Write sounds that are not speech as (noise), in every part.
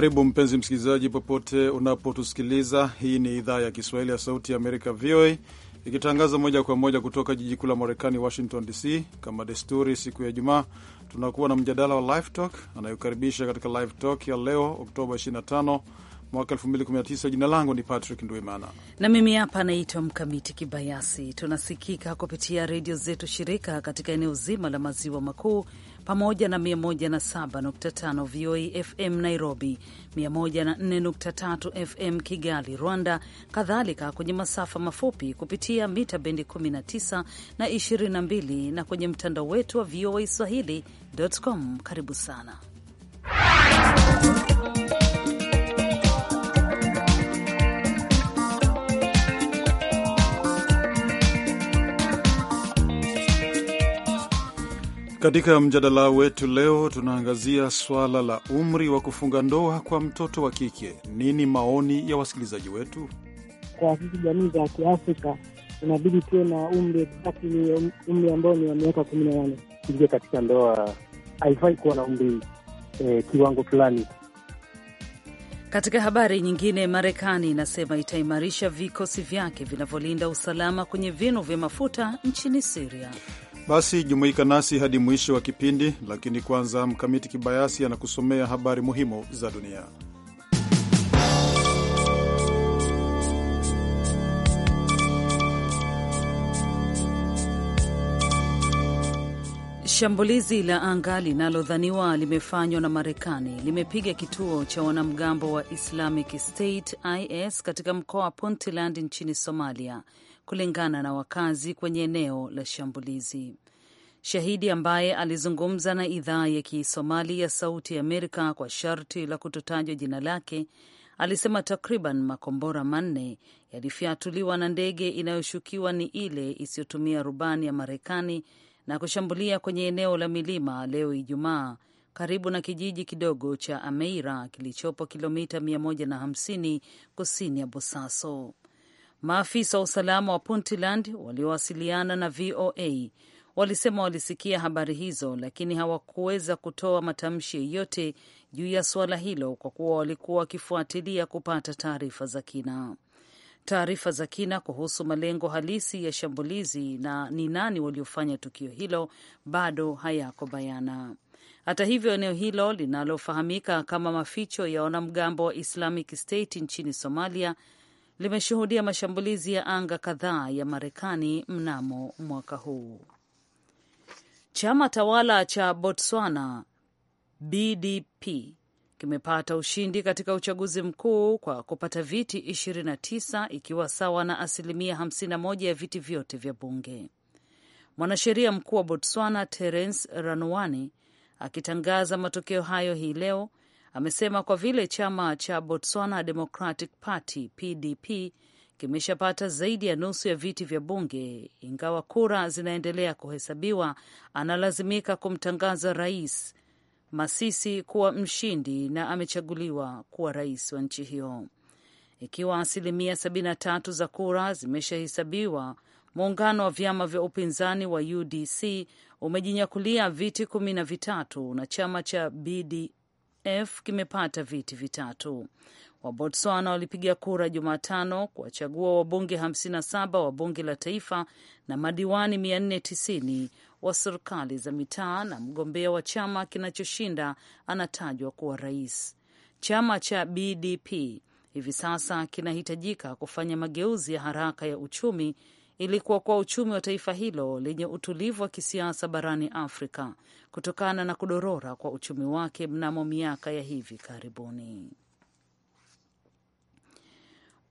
Karibu mpenzi msikilizaji, popote unapotusikiliza. Hii ni idhaa ya Kiswahili ya Sauti ya Amerika, VOA, ikitangaza moja kwa moja kutoka jiji kuu la Marekani, Washington DC. Kama desturi, siku ya Ijumaa tunakuwa na mjadala wa Live Talk anayokaribisha katika Live Talk ya leo Oktoba 25 mwaka 2019. Jina langu ni Patrick Ndwimana na mimi hapa anaitwa Mkamiti Kibayasi. Tunasikika kupitia redio zetu shirika katika eneo zima la maziwa makuu pamoja na 107.5 VOA FM Nairobi, 104.3 FM Kigali, Rwanda, kadhalika kwenye masafa mafupi kupitia mita bendi 19 na 22 na kwenye mtandao wetu wa VOA Swahili.com. Karibu sana Katika mjadala wetu leo tunaangazia swala la umri wa kufunga ndoa kwa mtoto wa kike. Nini maoni ya wasikilizaji wetu? Kwa sisi jamii za Kiafrika inabidi tuwe na umri exactly, umri ambao ni wa miaka kumi na nane. Ingia katika ndoa haifai kuwa na umri eh, kiwango fulani. Katika habari nyingine, Marekani inasema itaimarisha vikosi vyake vinavyolinda usalama kwenye vinu vya mafuta nchini Siria. Basi jumuika nasi hadi mwisho wa kipindi, lakini kwanza Mkamiti Kibayasi anakusomea habari muhimu za dunia. Shambulizi la anga linalodhaniwa limefanywa na Marekani limepiga kituo cha wanamgambo wa Islamic State IS katika mkoa wa Puntland nchini Somalia kulingana na wakazi kwenye eneo la shambulizi. Shahidi ambaye alizungumza na idhaa ya Kisomali ya Sauti Amerika kwa sharti la kutotajwa jina lake alisema takriban makombora manne yalifyatuliwa na ndege inayoshukiwa ni ile isiyotumia rubani ya Marekani na kushambulia kwenye eneo la milima leo Ijumaa, karibu na kijiji kidogo cha Ameira kilichopo kilomita 150 kusini ya Bosaso. Maafisa wa usalama wa Puntland waliowasiliana na VOA walisema walisikia habari hizo, lakini hawakuweza kutoa matamshi yeyote juu ya suala hilo kwa kuwa walikuwa wakifuatilia kupata taarifa za kina. Taarifa za kina kuhusu malengo halisi ya shambulizi na ni nani waliofanya tukio hilo bado hayako bayana. Hata hivyo, eneo hilo linalofahamika kama maficho ya wanamgambo wa Islamic State nchini Somalia limeshuhudia mashambulizi ya anga kadhaa ya Marekani mnamo mwaka huu. Chama tawala cha Botswana BDP kimepata ushindi katika uchaguzi mkuu kwa kupata viti 29 ikiwa sawa na asilimia 51 ya viti vyote vya bunge. Mwanasheria mkuu wa Botswana Terence Ranuani akitangaza matokeo hayo hii leo amesema kwa vile chama cha Botswana Democratic Party PDP kimeshapata zaidi ya nusu ya viti vya bunge, ingawa kura zinaendelea kuhesabiwa, analazimika kumtangaza Rais Masisi kuwa mshindi na amechaguliwa kuwa rais wa nchi hiyo. Ikiwa asilimia 73 za kura zimeshahesabiwa, muungano wa vyama vya upinzani wa UDC umejinyakulia viti kumi na vitatu na chama cha BD, NF kimepata viti vitatu. Wabotswana walipiga kura Jumatano kuwachagua wabunge 57 wa bunge la taifa na madiwani 490 wa serikali za mitaa, na mgombea wa chama kinachoshinda anatajwa kuwa rais. Chama cha BDP hivi sasa kinahitajika kufanya mageuzi ya haraka ya uchumi ili kuokoa uchumi wa taifa hilo lenye utulivu wa kisiasa barani Afrika kutokana na kudorora kwa uchumi wake mnamo miaka ya hivi karibuni.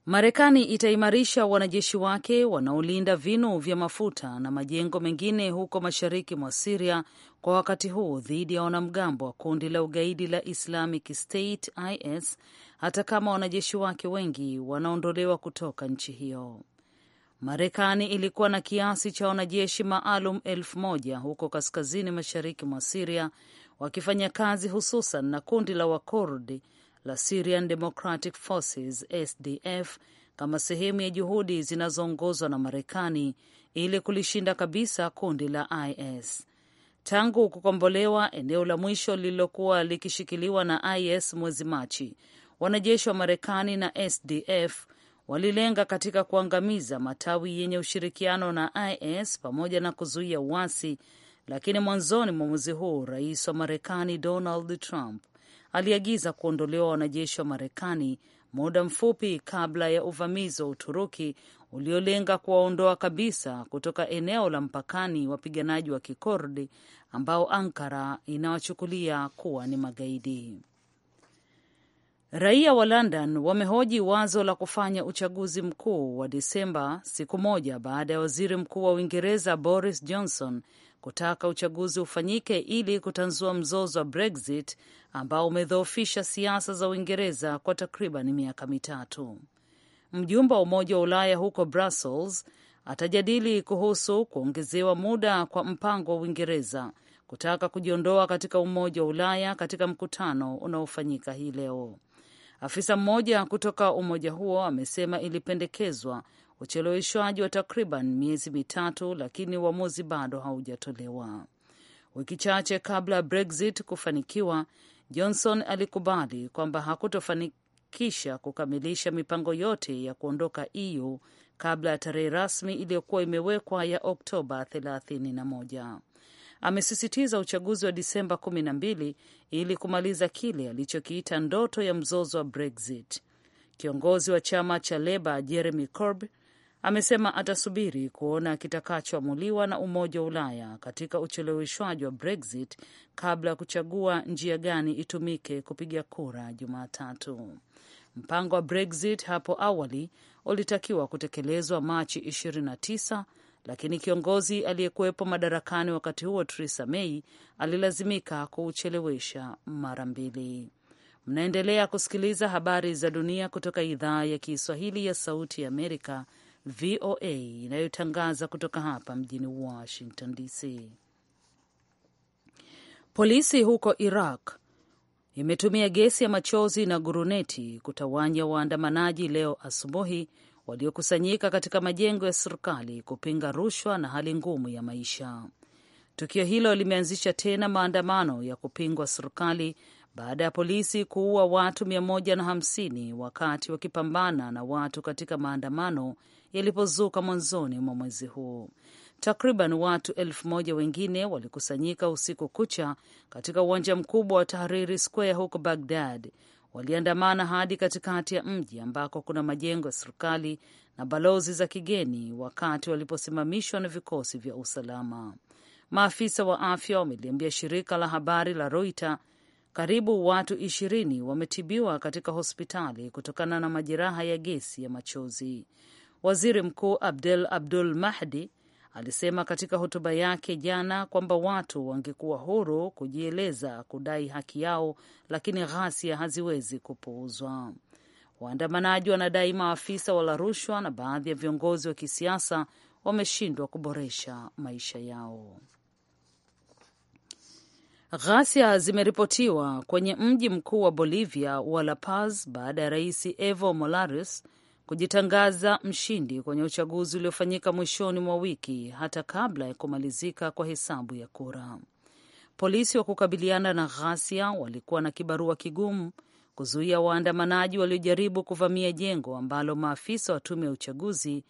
Marekani itaimarisha wanajeshi wake wanaolinda vinu vya mafuta na majengo mengine huko mashariki mwa Siria kwa wakati huu dhidi ya wanamgambo wa kundi la ugaidi la Islamic State IS hata kama wanajeshi wake wengi wanaondolewa kutoka nchi hiyo. Marekani ilikuwa na kiasi cha wanajeshi maalum elfu moja huko kaskazini mashariki mwa Siria wakifanya kazi hususan na kundi la Wakurdi la Syrian Democratic Forces SDF kama sehemu ya juhudi zinazoongozwa na Marekani ili kulishinda kabisa kundi la IS. Tangu kukombolewa eneo la mwisho lililokuwa likishikiliwa na IS mwezi Machi, wanajeshi wa Marekani na SDF walilenga katika kuangamiza matawi yenye ushirikiano na IS pamoja na kuzuia uasi. Lakini mwanzoni mwa mwezi huu rais wa Marekani Donald Trump aliagiza kuondolewa wanajeshi wa Marekani muda mfupi kabla ya uvamizi wa Uturuki uliolenga kuwaondoa kabisa kutoka eneo la mpakani wapiganaji wa Kikurdi ambao Ankara inawachukulia kuwa ni magaidi. Raia wa London wamehoji wazo la kufanya uchaguzi mkuu wa Desemba siku moja baada ya waziri mkuu wa Uingereza Boris Johnson kutaka uchaguzi ufanyike ili kutanzua mzozo wa Brexit ambao umedhoofisha siasa za Uingereza kwa takriban miaka mitatu. Mjumbe wa Umoja wa Ulaya huko Brussels atajadili kuhusu kuongezewa muda kwa mpango wa Uingereza kutaka kujiondoa katika Umoja wa Ulaya katika mkutano unaofanyika hii leo. Afisa mmoja kutoka umoja huo amesema ilipendekezwa ucheleweshwaji wa takriban miezi mitatu, lakini uamuzi bado haujatolewa. Wiki chache kabla ya Brexit kufanikiwa, Johnson alikubali kwamba hakutofanikisha kukamilisha mipango yote ya kuondoka EU kabla ya tarehe rasmi iliyokuwa imewekwa ya Oktoba 31 amesisitiza uchaguzi wa Disemba kumi na mbili ili kumaliza kile alichokiita ndoto ya mzozo wa Brexit. Kiongozi wa chama cha Leba Jeremy Corbyn amesema atasubiri kuona kitakachoamuliwa na Umoja wa Ulaya katika ucheleweshwaji wa Brexit kabla ya kuchagua njia gani itumike kupiga kura Jumatatu. Mpango wa Brexit hapo awali ulitakiwa kutekelezwa Machi 29 lakini kiongozi aliyekuwepo madarakani wakati huo Theresa May alilazimika kuuchelewesha mara mbili. Mnaendelea kusikiliza habari za dunia kutoka idhaa ya Kiswahili ya Sauti ya Amerika, VOA, inayotangaza kutoka hapa mjini Washington DC. Polisi huko Iraq imetumia gesi ya machozi na guruneti kutawanya waandamanaji leo asubuhi waliokusanyika katika majengo ya serikali kupinga rushwa na hali ngumu ya maisha. Tukio hilo limeanzisha tena maandamano ya kupingwa serikali baada ya polisi kuua watu 150 wakati wakipambana na watu katika maandamano yalipozuka mwanzoni mwa mwezi huu. Takriban watu elfu moja wengine walikusanyika usiku kucha katika uwanja mkubwa wa Tahriri Square huko Bagdad waliandamana hadi katikati ya mji ambako kuna majengo ya serikali na balozi za kigeni, wakati waliposimamishwa na vikosi vya usalama. Maafisa wa afya wameliambia shirika la habari la Reuters karibu watu ishirini wametibiwa katika hospitali kutokana na majeraha ya gesi ya machozi. Waziri Mkuu Abdel Abdul Mahdi Alisema katika hotuba yake jana kwamba watu wangekuwa huru kujieleza, kudai haki yao, lakini ghasia haziwezi kupuuzwa. Waandamanaji wanadai maafisa wala rushwa na baadhi ya viongozi wa kisiasa wameshindwa kuboresha maisha yao. Ghasia zimeripotiwa kwenye mji mkuu wa Bolivia wa La Paz baada ya rais Evo Morales kujitangaza mshindi kwenye uchaguzi uliofanyika mwishoni mwa wiki hata kabla ya kumalizika kwa hesabu ya kura. Polisi wa kukabiliana na ghasia walikuwa na kibarua kigumu kuzuia waandamanaji waliojaribu kuvamia jengo ambalo maafisa wa tume ya uchaguzi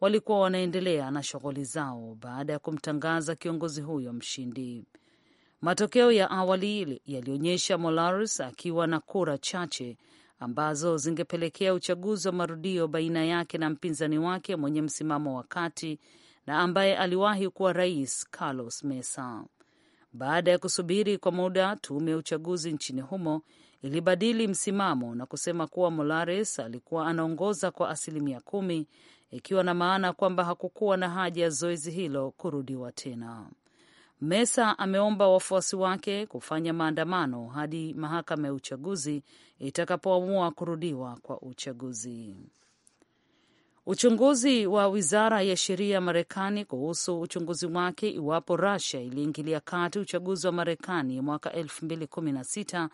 walikuwa wanaendelea na shughuli zao baada ya kumtangaza kiongozi huyo mshindi. Matokeo ya awali yalionyesha molarus akiwa na kura chache ambazo zingepelekea uchaguzi wa marudio baina yake na mpinzani wake mwenye msimamo wa kati na ambaye aliwahi kuwa rais Carlos Mesa. Baada ya kusubiri kwa muda, tume ya uchaguzi nchini humo ilibadili msimamo na kusema kuwa Morales alikuwa anaongoza kwa asilimia kumi, ikiwa na maana kwamba hakukuwa na haja ya zoezi hilo kurudiwa tena. Mesa ameomba wafuasi wake kufanya maandamano hadi mahakama ya uchaguzi itakapoamua kurudiwa kwa uchaguzi. Uchunguzi wa wizara ya sheria ya Marekani kuhusu uchunguzi wake iwapo Rusia iliingilia kati uchaguzi wa Marekani mwaka 2016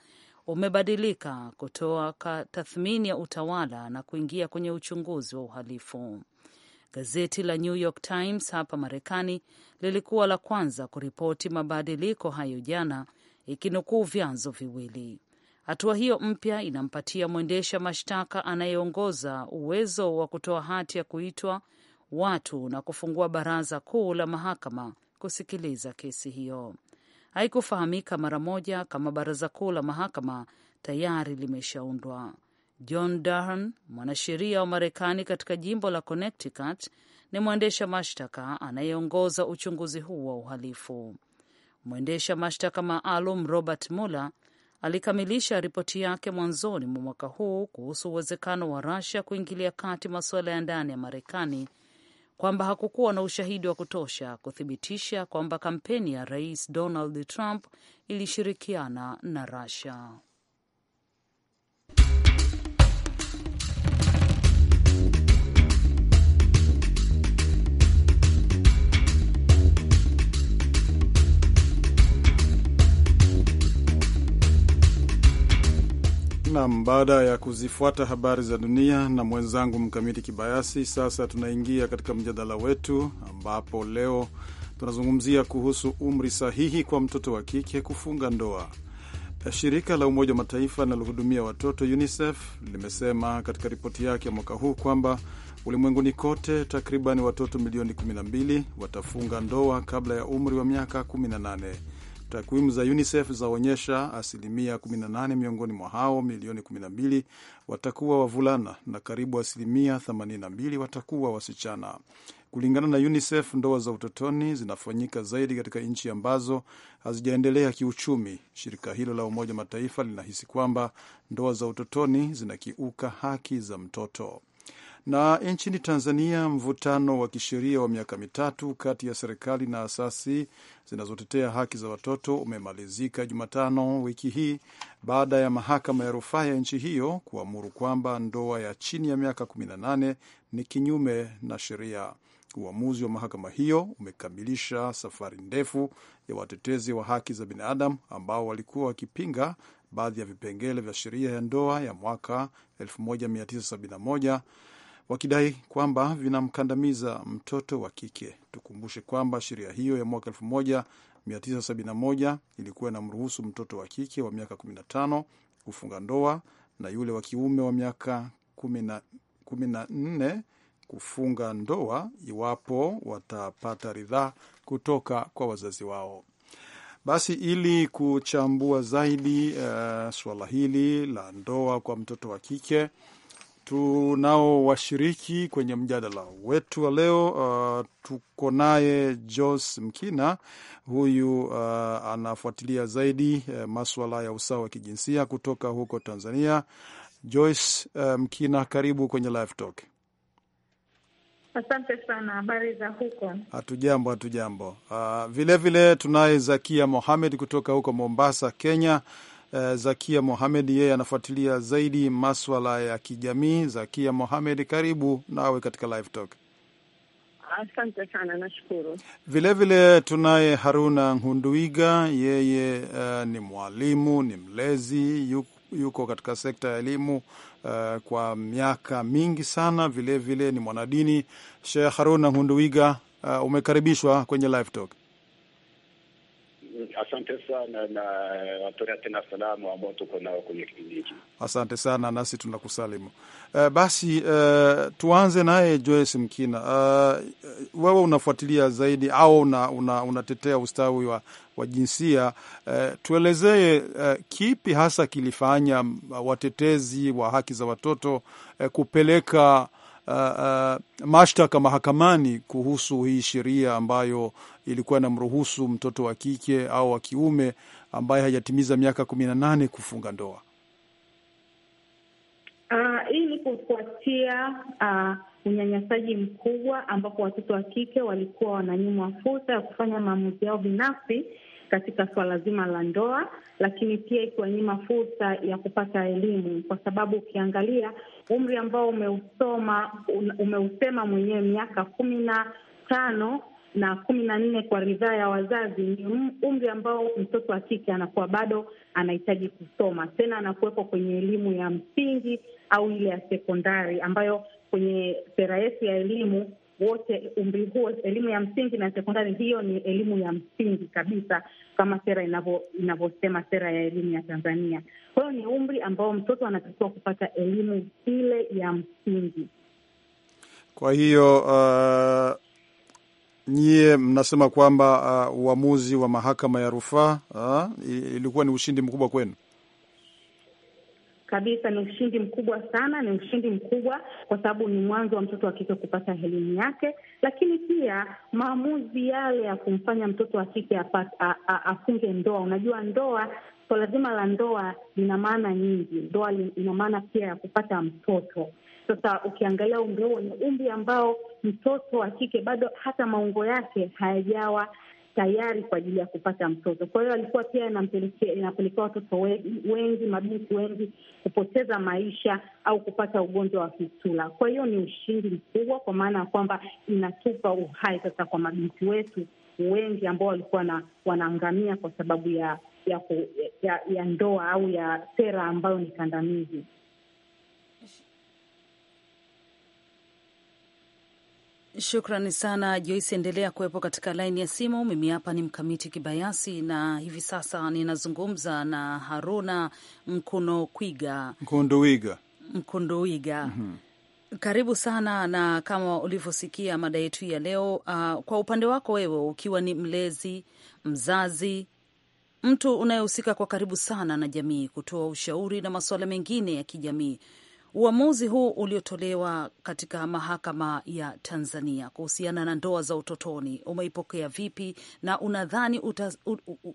umebadilika kutoka tathmini ya utawala na kuingia kwenye uchunguzi wa uhalifu. Gazeti la New York Times hapa Marekani lilikuwa la kwanza kuripoti mabadiliko hayo jana, ikinukuu vyanzo viwili. Hatua hiyo mpya inampatia mwendesha mashtaka anayeongoza uwezo wa kutoa hati ya kuitwa watu na kufungua baraza kuu la mahakama kusikiliza kesi hiyo. Haikufahamika mara moja kama baraza kuu la mahakama tayari limeshaundwa. John Durham, mwanasheria wa Marekani katika jimbo la Connecticut, ni mwendesha mashtaka anayeongoza uchunguzi huu wa uhalifu. Mwendesha mashtaka maalum Robert Mueller alikamilisha ripoti yake mwanzoni mwa mwaka huu kuhusu uwezekano wa Russia kuingilia kati masuala ya ndani ya Marekani, kwamba hakukuwa na ushahidi wa kutosha kuthibitisha kwamba kampeni ya Rais Donald Trump ilishirikiana na Russia. Nam, baada ya kuzifuata habari za dunia na mwenzangu Mkamiti Kibayasi, sasa tunaingia katika mjadala wetu ambapo leo tunazungumzia kuhusu umri sahihi kwa mtoto wa kike kufunga ndoa. Shirika la Umoja wa Mataifa linalohudumia watoto UNICEF limesema katika ripoti yake ya mwaka huu kwamba ulimwenguni kote takriban watoto milioni 12 watafunga ndoa kabla ya umri wa miaka 18. Takwimu za UNICEF zaonyesha asilimia 18 miongoni mwa hao milioni 12 watakuwa wavulana na karibu asilimia 82 watakuwa wasichana. Kulingana na UNICEF, ndoa za utotoni zinafanyika zaidi katika nchi ambazo hazijaendelea kiuchumi. Shirika hilo la Umoja Mataifa linahisi kwamba ndoa za utotoni zinakiuka haki za mtoto. Na nchini Tanzania, mvutano wa kisheria wa miaka mitatu kati ya serikali na asasi zinazotetea haki za watoto umemalizika Jumatano wiki hii baada ya mahakama ya rufaa ya nchi hiyo kuamuru kwamba ndoa ya chini ya miaka 18 ni kinyume na sheria. Uamuzi wa mahakama hiyo umekamilisha safari ndefu ya watetezi wa haki za binadamu ambao walikuwa wakipinga baadhi ya vipengele vya sheria ya ndoa ya mwaka 1971 wakidai kwamba vinamkandamiza mtoto wa kike. Tukumbushe kwamba sheria hiyo ya mwaka 1971 ilikuwa inamruhusu mtoto wa kike wa miaka 15 kufunga ndoa na yule wa kiume wa miaka 14 kufunga ndoa iwapo watapata ridhaa kutoka kwa wazazi wao. Basi ili kuchambua zaidi uh, suala hili la ndoa kwa mtoto wa kike tunao washiriki kwenye mjadala wetu wa leo. Uh, tuko naye Jos Mkina, huyu uh, anafuatilia zaidi uh, maswala ya usawa wa kijinsia kutoka huko Tanzania. Joyce uh, Mkina, karibu kwenye Live Talk. Asante sana. Habari za huko? Hatujambo, hatujambo. Uh, vilevile tunaye Zakia Mohamed kutoka huko Mombasa, Kenya. Eh, Zakia Mohamed yeye anafuatilia zaidi maswala ya kijamii. Zakia Mohamed, karibu nawe katika Live Talk. Asante sana, nashukuru. Vilevile tunaye Haruna Ngunduiga, yeye uh, ni mwalimu, ni mlezi, yuko, yuko katika sekta ya elimu uh, kwa miaka mingi sana. Vilevile vile ni mwanadini. Sheikh Haruna Ngunduiga, uh, umekaribishwa kwenye Live Talk. Asante sana na watoa tena salamu ambao tuko nao kwenye kipindi hiki. Asante sana, nasi tunakusalimu. Uh, basi uh, tuanze naye Joyce Mkina. Uh, wewe unafuatilia zaidi au una, unatetea ustawi wa, wa jinsia uh, tuelezee uh, kipi hasa kilifanya watetezi wa haki za watoto uh, kupeleka Uh, uh, mashtaka mahakamani kuhusu hii sheria ambayo ilikuwa inamruhusu mtoto wa kike au wa kiume ambaye hajatimiza miaka kumi na nane kufunga ndoa. Uh, hii ni kufuatia uh, unyanyasaji mkubwa ambapo watoto wa kike walikuwa wananyimwa fursa ya kufanya maamuzi yao binafsi katika swala zima la ndoa, lakini pia ikiwanyima fursa ya kupata elimu, kwa sababu ukiangalia umri ambao umeusoma umeusema mwenyewe miaka kumi na tano na kumi na nne kwa ridhaa ya wazazi, ni umri ambao mtoto wa kike anakuwa bado anahitaji kusoma tena, anakuwepo kwenye elimu ya msingi au ile ya sekondari, ambayo kwenye sera yetu ya elimu wote umri huo, elimu ya msingi na sekondari, hiyo ni elimu ya msingi kabisa, kama sera inavyosema, sera ya elimu ya Tanzania. Kwa hiyo ni umri ambao mtoto anatakiwa kupata elimu ile ya msingi. Kwa hiyo uh nyie mnasema kwamba uh, uamuzi wa mahakama ya rufaa uh, ilikuwa ni ushindi mkubwa kwenu? Kabisa, ni ushindi mkubwa sana, ni ushindi mkubwa kwa sababu ni mwanzo wa mtoto wa kike kupata elimu yake, lakini pia maamuzi yale ya kumfanya mtoto wa kike afunge ndoa. Unajua, ndoa swala so zima la ndoa lina maana nyingi. Ndoa ina maana pia ya kupata mtoto sasa ukiangalia umri huo ni umri ambao mtoto wa kike bado hata maungo yake hayajawa tayari kwa ajili ya kupata mtoto. Kwa hiyo alikuwa pia inapelekea watoto wengi, mabinti wengi kupoteza maisha au kupata ugonjwa wa fistula. Kwa hiyo ni ushindi mkubwa, kwa maana ya kwamba inatupa uhai sasa kwa mabinti wetu wengi ambao walikuwa wanaangamia kwa sababu ya ya, ya ya ndoa au ya sera ambayo ni kandamizi. Shukrani sana Joyce, endelea kuwepo katika laini ya simu. Mimi hapa ni Mkamiti Kibayasi na hivi sasa ninazungumza na Haruna Mkunokwiga Mkunduwiga Mkunduwiga. mm -hmm. Karibu sana, na kama ulivyosikia mada yetu ya leo uh, kwa upande wako wewe ukiwa ni mlezi, mzazi, mtu unayehusika kwa karibu sana na jamii, kutoa ushauri na masuala mengine ya kijamii Uamuzi huu uliotolewa katika mahakama ya Tanzania kuhusiana na ndoa za utotoni umeipokea vipi na unadhani uta,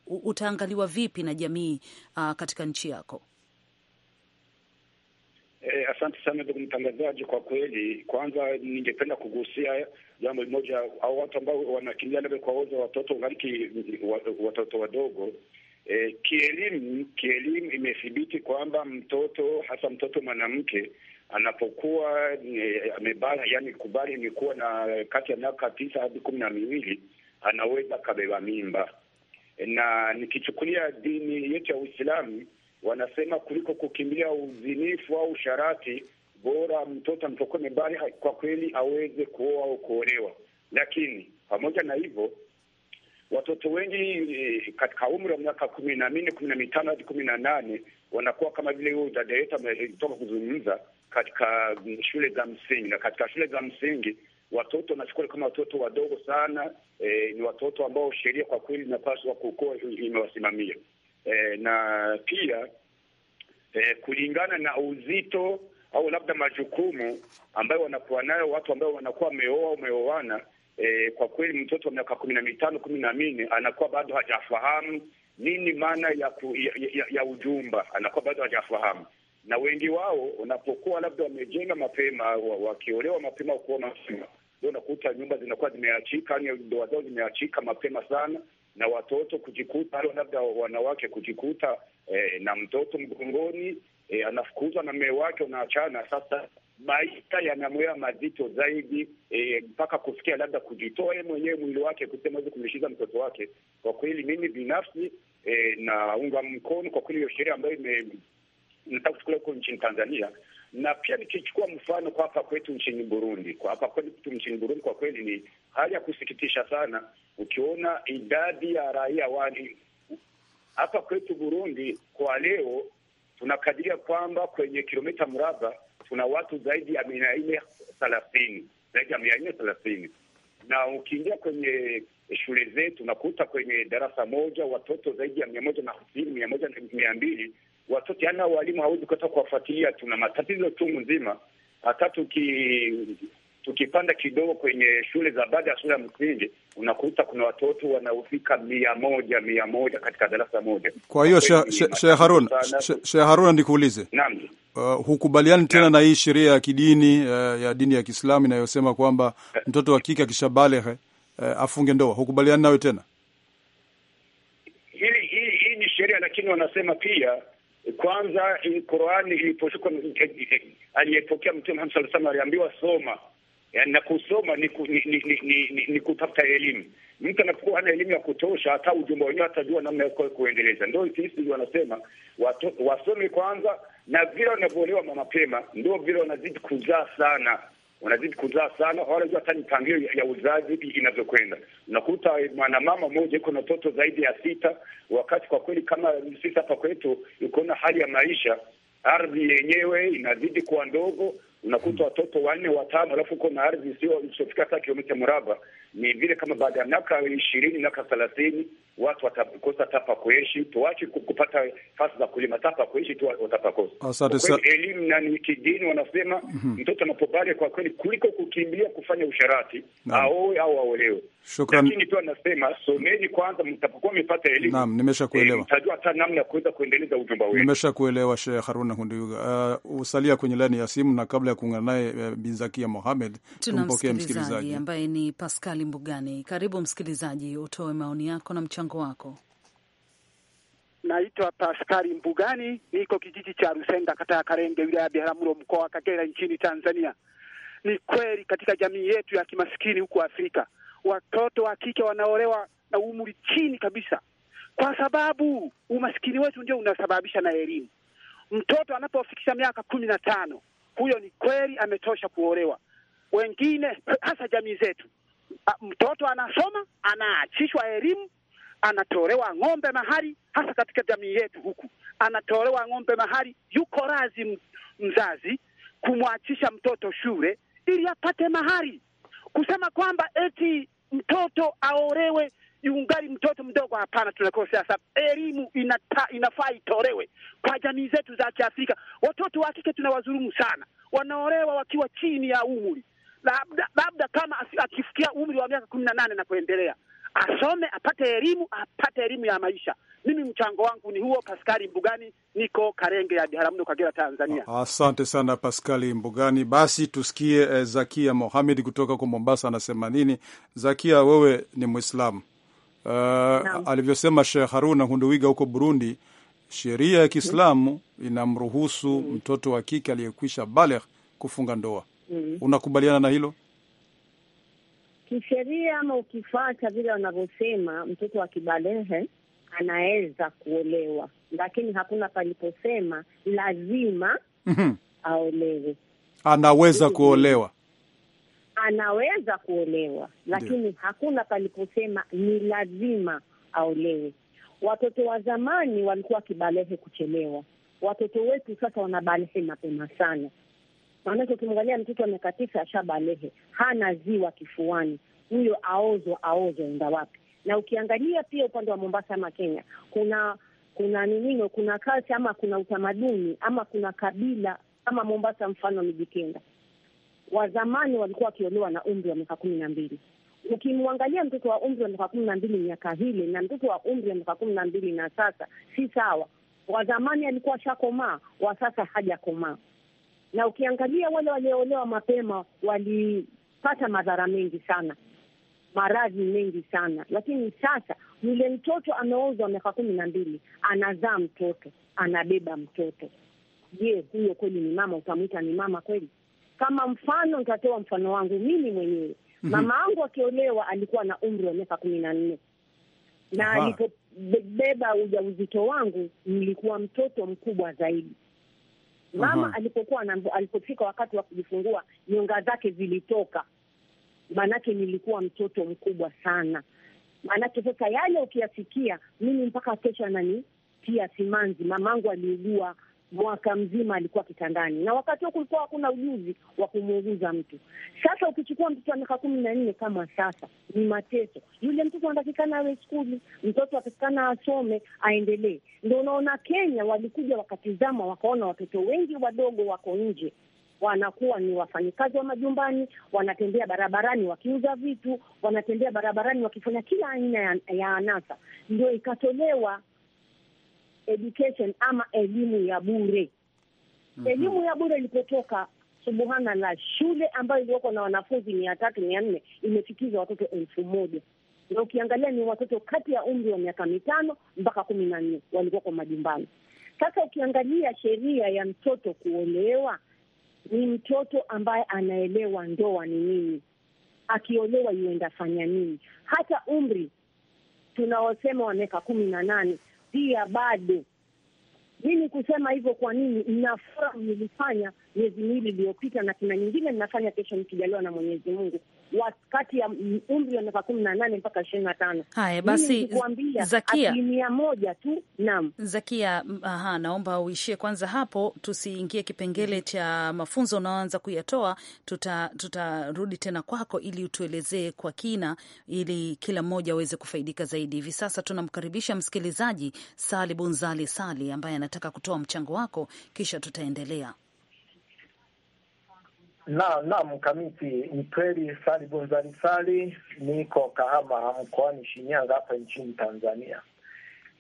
utaangaliwa vipi na jamii uh, katika nchi yako? E, asante sana ndugu mtangazaji. Kwa kweli, kwanza ningependa kugusia jambo moja au watu ambao wanakimbia labda kuwaoza watoto ngariki watoto wadogo E, kielimu kielimu imethibiti kwamba mtoto hasa mtoto mwanamke anapokuwa eh, amebala, yani kubali ni kuwa na kati ya miaka tisa hadi kumi na miwili anaweza kabeba mimba, na nikichukulia dini yetu ya Uislamu wanasema kuliko kukimbilia uzinifu au sharati, bora mtoto anapokuwa amebali kwa kweli aweze kuoa au kuolewa. Lakini pamoja na hivyo watoto wengi eh, katika umri wa miaka kumi na minne kumi na mitano hadi kumi na nane wanakuwa kama vile huyo dada yetu ametoka kuzungumza katika mm, shule za msingi, na katika shule za msingi watoto nafikiri kama watoto wadogo sana e, ni watoto ambao sheria kwa kweli inapaswa kukoa imewasimamia e, na pia e, kulingana na uzito au labda majukumu ambayo wanakuwa nayo watu ambao wanakuwa wameoa wameoana, E, kwa kweli mtoto wa miaka kumi na mitano kumi na minne anakuwa bado hajafahamu nini maana ya, ku, ya, ya, ya ujumba, anakuwa bado hajafahamu. Na wengi wao unapokuwa labda wamejenga mapema wakiolewa mapema kuoa mapema, ndio unakuta nyumba zinakuwa zimeachika, ndoa zao zimeachika mapema sana, na watoto kujikuta au labda wanawake kujikuta eh, na mtoto mgongoni eh, anafukuzwa na mume wake, unaachana sasa maisha yanamwea mazito zaidi e, mpaka e, kufikia labda kujitoa yeye mwenyewe mwili wake kusema hivi kumlishiza mtoto wake. Kwa kweli mimi binafsi e, naunga mkono kwa kweli hiyo sheria ambayo inataka kuchukuliwa huko nchini Tanzania, na pia nikichukua mfano kwa hapa kwetu nchini Burundi, kwa hapa kwetu nchini Burundi, kwa kweli ni hali ya kusikitisha sana, ukiona idadi ya raia wani hapa kwetu Burundi kwa leo tunakadiria kwamba kwenye kilomita mraba kuna watu zaidi ya mia nne thelathini zaidi ya mia nne thelathini na ukiingia kwenye shule zetu unakuta kwenye darasa moja watoto zaidi ya mia moja na hamsini mia moja na mia mbili watoto yana walimu hawezi kuweza kuwafuatilia. Tuna matatizo tu mzima hata tuki tukipanda kidogo kwenye shule za baada ya shule ya msingi unakuta kuna watoto wanaofika mia moja mia moja katika darasa moja. Kwa hiyo Sheikh Harun, Sheikh Harun, nikuulize, naam, uh, hukubaliani tena na hii sheria ya kidini uh, ya dini ya Kiislamu inayosema kwamba eh. mtoto wa kike akishabaleghe uh, afunge ndoa? Hukubaliani nayo tena? Hii hii hii ni sheria, lakini wanasema pia kwanza Qur'ani iliposhuka eh, eh, aliyepokea Mtume Muhammad sallallahu alaihi wasallam aliambiwa soma yani, eh, na kusoma ni, ku, ni, ni, ni, ni, ni, ni kutafuta elimu. Mtu anapokuwa hana elimu ya kutosha, hata ujumbe wenyewe hatajua namna ya kuendeleza. Ndio sisi wanasema wasomi kwanza, na vile wanavyoelewa mapema, ndio vile wanazidi kuzaa sana wanazidi kuzaa sana, hawajua hata mipangilio ya uzazi inavyokwenda. Unakuta eh, mwanamama mmoja iko na watoto zaidi ya sita, wakati kwa kweli kama sisi hapa kwetu, ukiona hali ya maisha, ardhi yenyewe inazidi kuwa ndogo, unakuta watoto wanne watano, alafu uko na ardhi isiofika hata kilomita mraba. Ni vile kama baada ya miaka ishirini miaka thelathini watu watakosa tapa kuishi, tuache kupata fasi za kulima, tapa kuishi tu watapakosa. Asante sana. Elimu na ni kidini wanasema mm -hmm. Mtoto anapobali kwa kweli kuliko kukimbia kufanya usharati aoe au aolewe. Shukrani. Lakini tu anasema someni kwanza, mtapokuwa mmepata elimu. Naam, nimeshakuelewa. Eh, mtajua hata namna ya kuweza kuendeleza ujumba wenu. Nimeshakuelewa Sheikh Haruna Hundiuga. Uh, usalia kwenye laini ya simu na kabla ya kuungana naye uh, eh, Binzakia Mohamed tumpokee msikilizaji ambaye ni Pascal Mbugani. Karibu msikilizaji, utoe maoni yako na mchango mchango wako. Naitwa Paskari Mbugani, niko kijiji cha Rusenda, kata ya Karenge, wilaya ya Biharamulo, mkoa wa Kagera, nchini Tanzania. Ni kweli katika jamii yetu ya kimaskini huku Afrika, watoto wa kike wanaolewa na umri chini kabisa, kwa sababu umaskini wetu ndio unasababisha na elimu. Mtoto anapofikisha miaka kumi na tano, huyo ni kweli ametosha kuolewa. Wengine hasa jamii zetu, mtoto anasoma, anaachishwa elimu anatolewa ng'ombe mahali, hasa katika jamii yetu huku anatolewa ng'ombe mahali, yuko razi mzazi kumwachisha mtoto shule ili apate mahali. Kusema kwamba eti mtoto aolewe yungali mtoto mdogo, hapana, tunakosea Sasa Elimu inata, inafaa itolewe kwa jamii zetu za Kiafrika. Watoto wa kike tunawadhulumu sana, wanaolewa wakiwa chini ya umri, labda labda kama akifikia umri wa miaka kumi na nane na kuendelea asome, apate elimu, apate elimu ya maisha. Mimi mchango wangu ni huo. Paskali Mbugani, niko Karenge ya Biharamulo, Kagera, Tanzania. Ah, asante sana Paskali Mbugani. Basi tusikie eh, Zakia Mohamed kutoka kwa Mombasa anasema nini. Zakia, wewe ni Mwislamu. Uh, eh, alivyosema Sheikh Haruna Hunduwiga huko Burundi, sheria ya Kiislamu inamruhusu mm. mtoto wa kike aliyekwisha baligh kufunga ndoa. Mm. Unakubaliana na hilo? kisheria ama ukifuata vile wanavyosema, mtoto wa kibalehe anaweza kuolewa, lakini hakuna paliposema lazima mm -hmm. aolewe. Anaweza kuolewa, anaweza kuolewa, lakini Deo. hakuna paliposema ni lazima aolewe. Watoto wa zamani walikuwa wakibalehe kuchelewa, watoto wetu sasa wanabalehe mapema sana. Maanake ukimwangalia mtoto wa miaka tisa ashabalehe, hana ziwa kifuani, huyo aozo aozo enda wapi? Na ukiangalia pia upande wa Mombasa ama Kenya, kuna kuna ninino, kuna kasi ama kuna utamaduni ama kuna kabila kama Mombasa, mfano Mijikenda wazamani walikuwa wakiolewa na umri wa miaka kumi na mbili. Ukimwangalia mtoto wa umri wa miaka kumi na mbili miaka hile na mtoto wa umri wa miaka kumi na mbili na sasa si sawa. wazamani alikuwa shakomaa, wa sasa hajakomaa na ukiangalia wale walioolewa mapema walipata madhara mengi sana, maradhi mengi sana. Lakini sasa yule mtoto ameozwa miaka kumi na mbili, anazaa mtoto, anabeba mtoto. Je, huyo kweli ni mama? Utamwita ni mama kweli? Kama mfano nitatoa mfano wangu mimi mwenyewe. Mhm. Mama angu akiolewa alikuwa na umri wa miaka kumi na nne na alipobeba ujauzito wangu nilikuwa mtoto mkubwa zaidi. Mama uh -huh. alipokuwa alipofika wakati wa kujifungua nyonga zake zilitoka, maanake nilikuwa mtoto mkubwa sana. Maanake sasa yale ukiyasikia, mimi mpaka kesho ananitia simanzi. Mamangu aliugua mwaka mzima alikuwa kitandani, na wakati huo kulikuwa hakuna ujuzi wa kumuuguza mtu. Sasa ukichukua mtoto wa miaka kumi na nne kama sasa, ni mateso. Yule mtoto anatakikana awe skuli, mtoto atakikana asome, aendelee. Ndo unaona Kenya walikuja wakatizama, wakaona watoto wengi wadogo wako nje wanakuwa ni wafanyikazi wa majumbani, wanatembea barabarani wakiuza vitu, wanatembea barabarani wakifanya kila aina ya, ya anasa. Ndio ikatolewa education ama elimu ya bure. Mm -hmm. Elimu ya bure ilipotoka, subuhana la shule ambayo iliyoko na wanafunzi mia tatu mia nne imefikiza watoto elfu moja na ukiangalia ni watoto kati ya umri wa miaka mitano mpaka kumi na nne walikuwako majumbani. Sasa ukiangalia sheria ya mtoto kuolewa, ni mtoto ambaye anaelewa ndoa ni nini, akiolewa yuenda fanya nini. Hata umri tunaosema wa miaka kumi na nane hawajamalizia bado. Mimi kusema hivyo, kwa nini? Nina forum nilifanya miezi miwili iliyopita, na kuna nyingine ninafanya kesho, nikijaliwa na Mwenyezi Mungu kati ya umri wa miaka kumi na nane mpaka ishirini na tano. Haya basi, Zakia, asilimia moja tu. Naam, Zakia, aha, naomba uishie kwanza hapo, tusiingie kipengele cha mafunzo unaoanza kuyatoa. Tutarudi tuta tena kwako ili utuelezee kwa kina, ili kila mmoja aweze kufaidika zaidi. Hivi sasa tunamkaribisha msikilizaji Sali Bunzali Sali ambaye anataka kutoa mchango wako, kisha tutaendelea. Na naam, Mkamiti, ni kweli. Sali Bunzari Sali, niko Kahama mkoani Shinyanga hapa nchini Tanzania.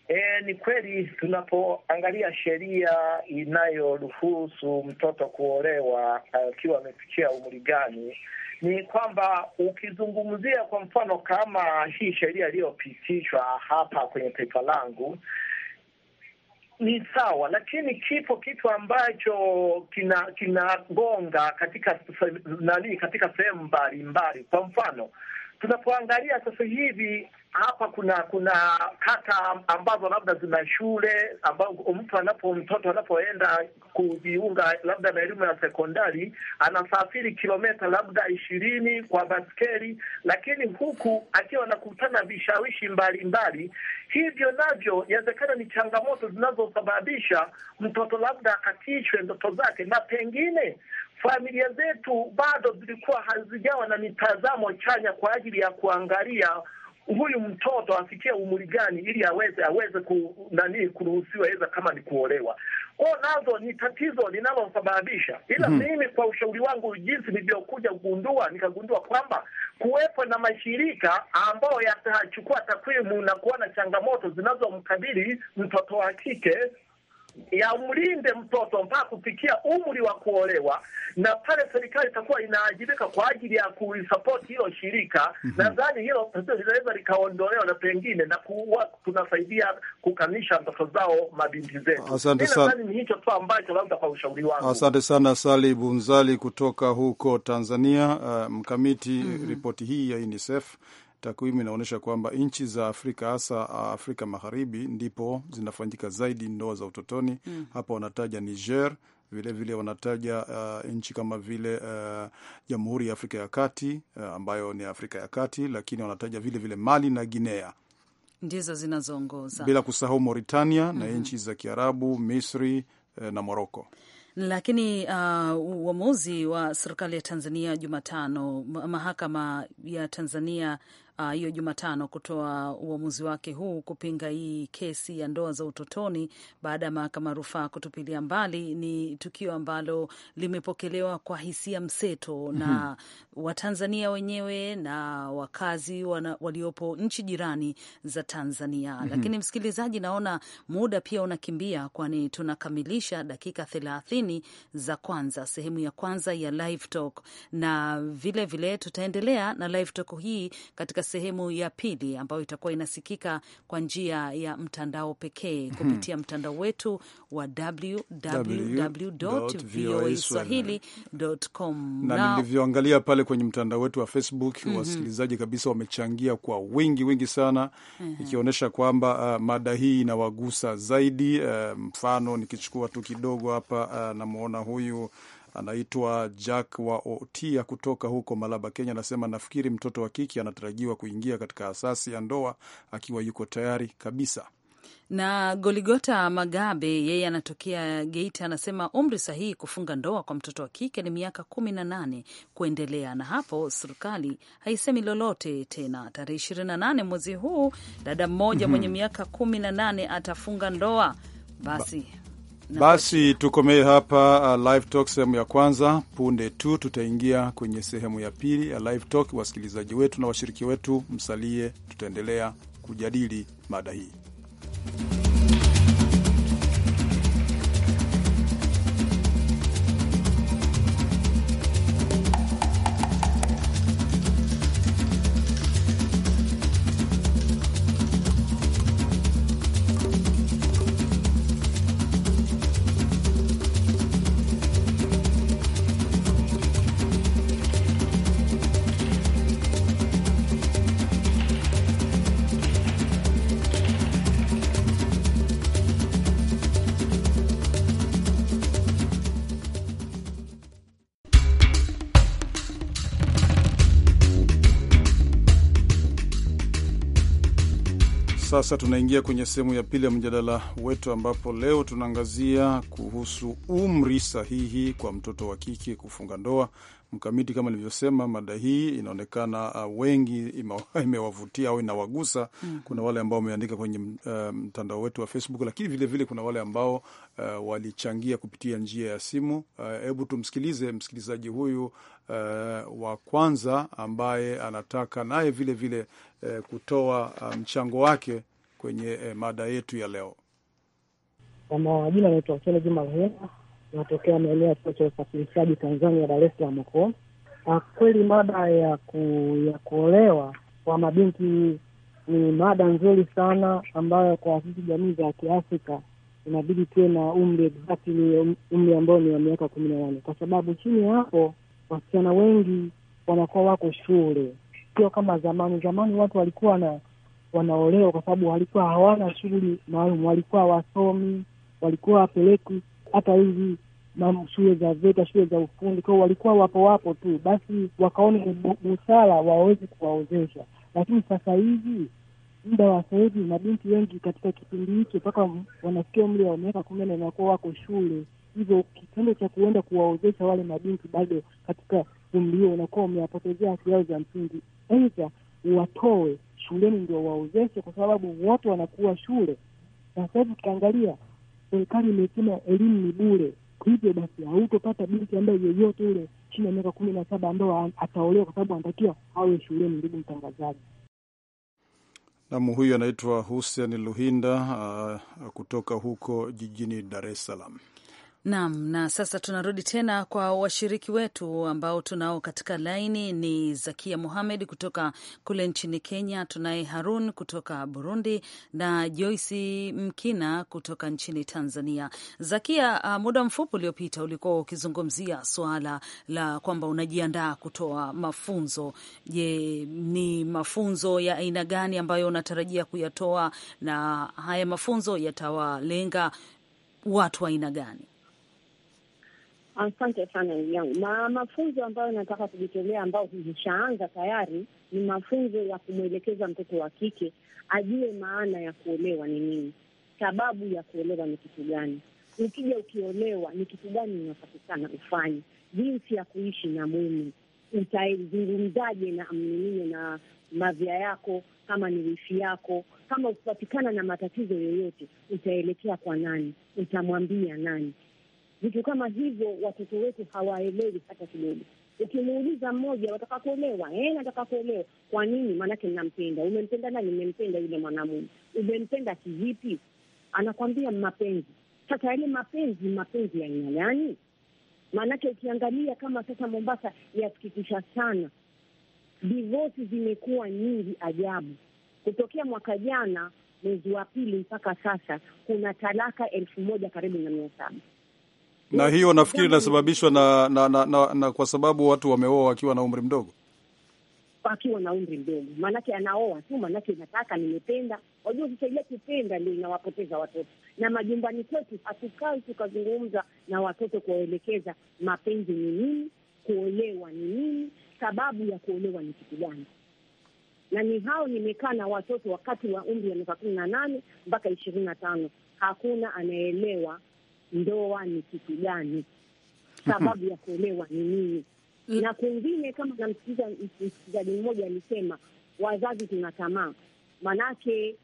E, ni kweli tunapoangalia sheria inayoruhusu mtoto kuolewa eh, akiwa amefikia umri gani, ni kwamba ukizungumzia kwa mfano kama hii sheria iliyopitishwa hapa kwenye taifa langu ni sawa, lakini kipo kitu ambacho kina kinagonga katika nani, katika sehemu mbalimbali. Kwa mfano tunapoangalia sasa hivi hapa kuna kuna kata ambazo labda zina shule ambao mtu anapo mtoto anapoenda kujiunga labda na elimu ya sekondari anasafiri kilomita labda ishirini kwa baskeli, lakini huku akiwa anakutana vishawishi mbalimbali. Hivyo navyo inawezekana ni changamoto zinazosababisha mtoto labda akatishwe ndoto zake, na pengine familia zetu bado zilikuwa hazijawa na mitazamo chanya kwa ajili ya kuangalia huyu mtoto afikie umri gani ili aweze aweze ku, nani kuruhusiwa eza kama ni kuolewa. ko nazo ni tatizo linalosababisha, ila mm -hmm. Mimi kwa ushauri wangu jinsi nilivyokuja kugundua, nikagundua kwamba kuwepo na mashirika ambayo yatachukua takwimu na kuona changamoto zinazomkabili mtoto wa kike ya umlinde mtoto mpaka kufikia umri wa kuolewa, na pale serikali itakuwa inaajibika kwa ajili ya kuisapoti hilo shirika. mm -hmm. Nadhani hilo tatizo linaweza likaondolewa na pengine na kuwa tunasaidia kukanisha ndoto zao mabinti zetu. Asante sana, ni hicho tu ambacho labda kwa ushauri wangu. Asante sana Sali Bunzali kutoka huko Tanzania. Uh, mkamiti mm -hmm. ripoti hii ya UNICEF Takwimu inaonyesha kwamba nchi za Afrika hasa ah, Afrika Magharibi ndipo zinafanyika zaidi ndoa za utotoni mm. Hapa wanataja Niger, vilevile vile wanataja uh, nchi kama vile ah, Jamhuri uh, ya Afrika ya Kati uh, ambayo ni Afrika ya Kati, lakini wanataja vilevile vile Mali na Guinea ndizo zinazoongoza, bila kusahau Mauritania mm -hmm. na mm-hmm. nchi za Kiarabu, Misri uh, na Moroko lakini uamuzi wa serikali ya Tanzania Jumatano, mahakama ya Tanzania Uh, hiyo uh, Jumatano kutoa uamuzi wake huu kupinga hii kesi ya ndoa za utotoni baada ya mahakama rufaa kutupilia mbali. Ni tukio ambalo limepokelewa kwa hisia mseto mhm. na mm -hmm. Watanzania wenyewe na wakazi wana, waliopo nchi jirani za Tanzania mm -hmm. Lakini msikilizaji, naona muda pia unakimbia, kwani tunakamilisha dakika thelathini za kwanza sehemu ya kwanza ya Live Talk na vilevile vile tutaendelea na Live Talk hii katika sehemu ya pili ambayo itakuwa inasikika kwa njia ya mtandao pekee mhm. kupitia mtandao wetu wa www.voaswahili.com. Na nilivyoangalia pale kwenye mtandao wetu wa Facebook mm -hmm. wasikilizaji kabisa wamechangia kwa wingi wingi sana mm -hmm. ikionyesha kwamba uh, mada hii inawagusa zaidi. Uh, mfano nikichukua tu kidogo hapa uh, namwona huyu anaitwa Jack wa Otia kutoka huko Malaba, Kenya, anasema nafikiri mtoto wa kike anatarajiwa kuingia katika asasi ya ndoa akiwa yuko tayari kabisa na Goligota Magabe yeye anatokea Geita, anasema umri sahihi kufunga ndoa kwa mtoto wa kike ni miaka kumi na nane kuendelea, na hapo serikali haisemi lolote tena. Tarehe ishirini na nane mwezi huu dada mmoja mhm. mwenye miaka kumi na nane atafunga ndoa basi ba basi tukomee hapa uh, live talk sehemu ya kwanza. Punde tu tutaingia kwenye sehemu ya pili ya live talk. Wasikilizaji wetu na washiriki wetu, msalie, tutaendelea kujadili mada hii. sasa tunaingia kwenye sehemu ya pili ya mjadala wetu, ambapo leo tunaangazia kuhusu umri sahihi kwa mtoto wa kike kufunga ndoa Mkamiti, kama nilivyosema, mada hii inaonekana uh, wengi (laughs) imewavutia au inawagusa. mm -hmm. Kuna wale ambao wameandika kwenye uh, mtandao wetu wa Facebook, lakini vilevile vile kuna wale ambao uh, walichangia kupitia njia ya simu. Uh, hebu uh, tumsikilize msikilizaji huyu uh, wa kwanza ambaye anataka naye vilevile uh, kutoa uh, mchango wake kwenye uh, mada yetu ya leo. Kwa majina anaitwa Juma Ruhena natokea maeneo ya chuo cha usafirishaji Tanzania, Dar es Salaam huko. Ah, kweli mada ya ku, ya kuolewa kwa mabinti ni mada nzuri sana, ambayo kwa sisi jamii za Kiafrika inabidi tuwe na umri exactly, umri ambao ni wa miaka kumi na nane, kwa sababu chini ya hapo wasichana wengi wanakuwa wako shule, sio kama zamani. Zamani watu walikuwa na wanaolewa kwa sababu walikuwa hawana shughuli maalum, walikuwa wasomi, walikuwa wapelekwi hata hizi shule za VETA, shule za ufundi, kwao walikuwa wapo wapo tu, basi wakaona ni busara waweze kuwaozesha. Lakini sasa hivi muda wa sasa hivi mabinti wengi katika kipindi hicho mpaka wanafikia umri wa miaka kumi na nne wako shule, hivyo kitendo cha kuenda kuwaozesha wale mabinti bado katika umri huo unakuwa umewapotezea haki yao za msingi. Aidha watoe shuleni ndio waozeshe, kwa sababu wote wanakuwa shule. Sasa hivi tukiangalia serikali imesema elimu ni bure, hivyo basi hautopata binti ambaye yeyote ule chini ya miaka kumi na saba ambayo ataolewa kwa sababu anatakiwa awe shuleni. Ndugu mtangazaji, nam huyu anaitwa Hussein Luhinda uh, kutoka huko jijini Dar es Salaam. Naam, na sasa tunarudi tena kwa washiriki wetu ambao tunao katika laini. Ni Zakia muhamed kutoka kule nchini Kenya, tunaye Harun kutoka Burundi na Joyce Mkina kutoka nchini Tanzania. Zakia, ah, muda mfupi uliopita ulikuwa ukizungumzia suala la kwamba unajiandaa kutoa mafunzo. Je, ni mafunzo ya aina gani ambayo unatarajia kuyatoa na haya mafunzo yatawalenga watu wa aina gani? Asante sana ndugu yangu. Ma, mafunzo ambayo nataka kujitolea ambao hujishaanza tayari ni mafunzo ya kumwelekeza mtoto wa kike ajue maana ya kuolewa ni nini, sababu ya kuolewa ni kitu gani, ukija ukiolewa ni kitu gani unapatikana ufanye, jinsi ya kuishi na mume, utazungumzaje na mninine na mavya yako, kama ni wifi yako, kama ukipatikana na matatizo yoyote utaelekea kwa nani, utamwambia nani vitu kama hivyo watoto wetu hawaelewi hata kidogo. Ukimuuliza mmoja, wataka kuolewa, eh, nataka kuolewa. Kwa nini? Maanake nampenda. Umempenda nani? Nimempenda yule mwanamume. Umempenda kivipi? Anakwambia mapenzi. Sasa yale mapenzi, mapenzi ya aina gani? Maanake ukiangalia kama sasa Mombasa, yasikitisha sana, divosi zimekuwa nyingi ajabu. Kutokea mwaka jana mwezi wa pili mpaka sasa kuna talaka elfu moja karibu na mia saba na hiyo nafikiri inasababishwa na na, na, na na kwa sababu watu wameoa wakiwa na umri mdogo, wakiwa na umri mdogo, maanake anaoa tu, maanake nataka nimependa. Wajua, ukisaidia kupenda ndio inawapoteza watoto, na majumbani kwetu hatukai tukazungumza na watoto kuwaelekeza mapenzi ni nini, kuolewa ni nini, sababu ya kuolewa ni kitu gani na ni hao nimekaa na watoto wakati wa umri wa miaka kumi na nane mpaka ishirini na tano. Hakuna anaelewa ndoa ni kitu gani, mhm. sababu ya kuolewa ni nini. Mm. Na kwengine, kama namsikiza msikilizaji mmoja alisema, wazazi tuna tamaa, manake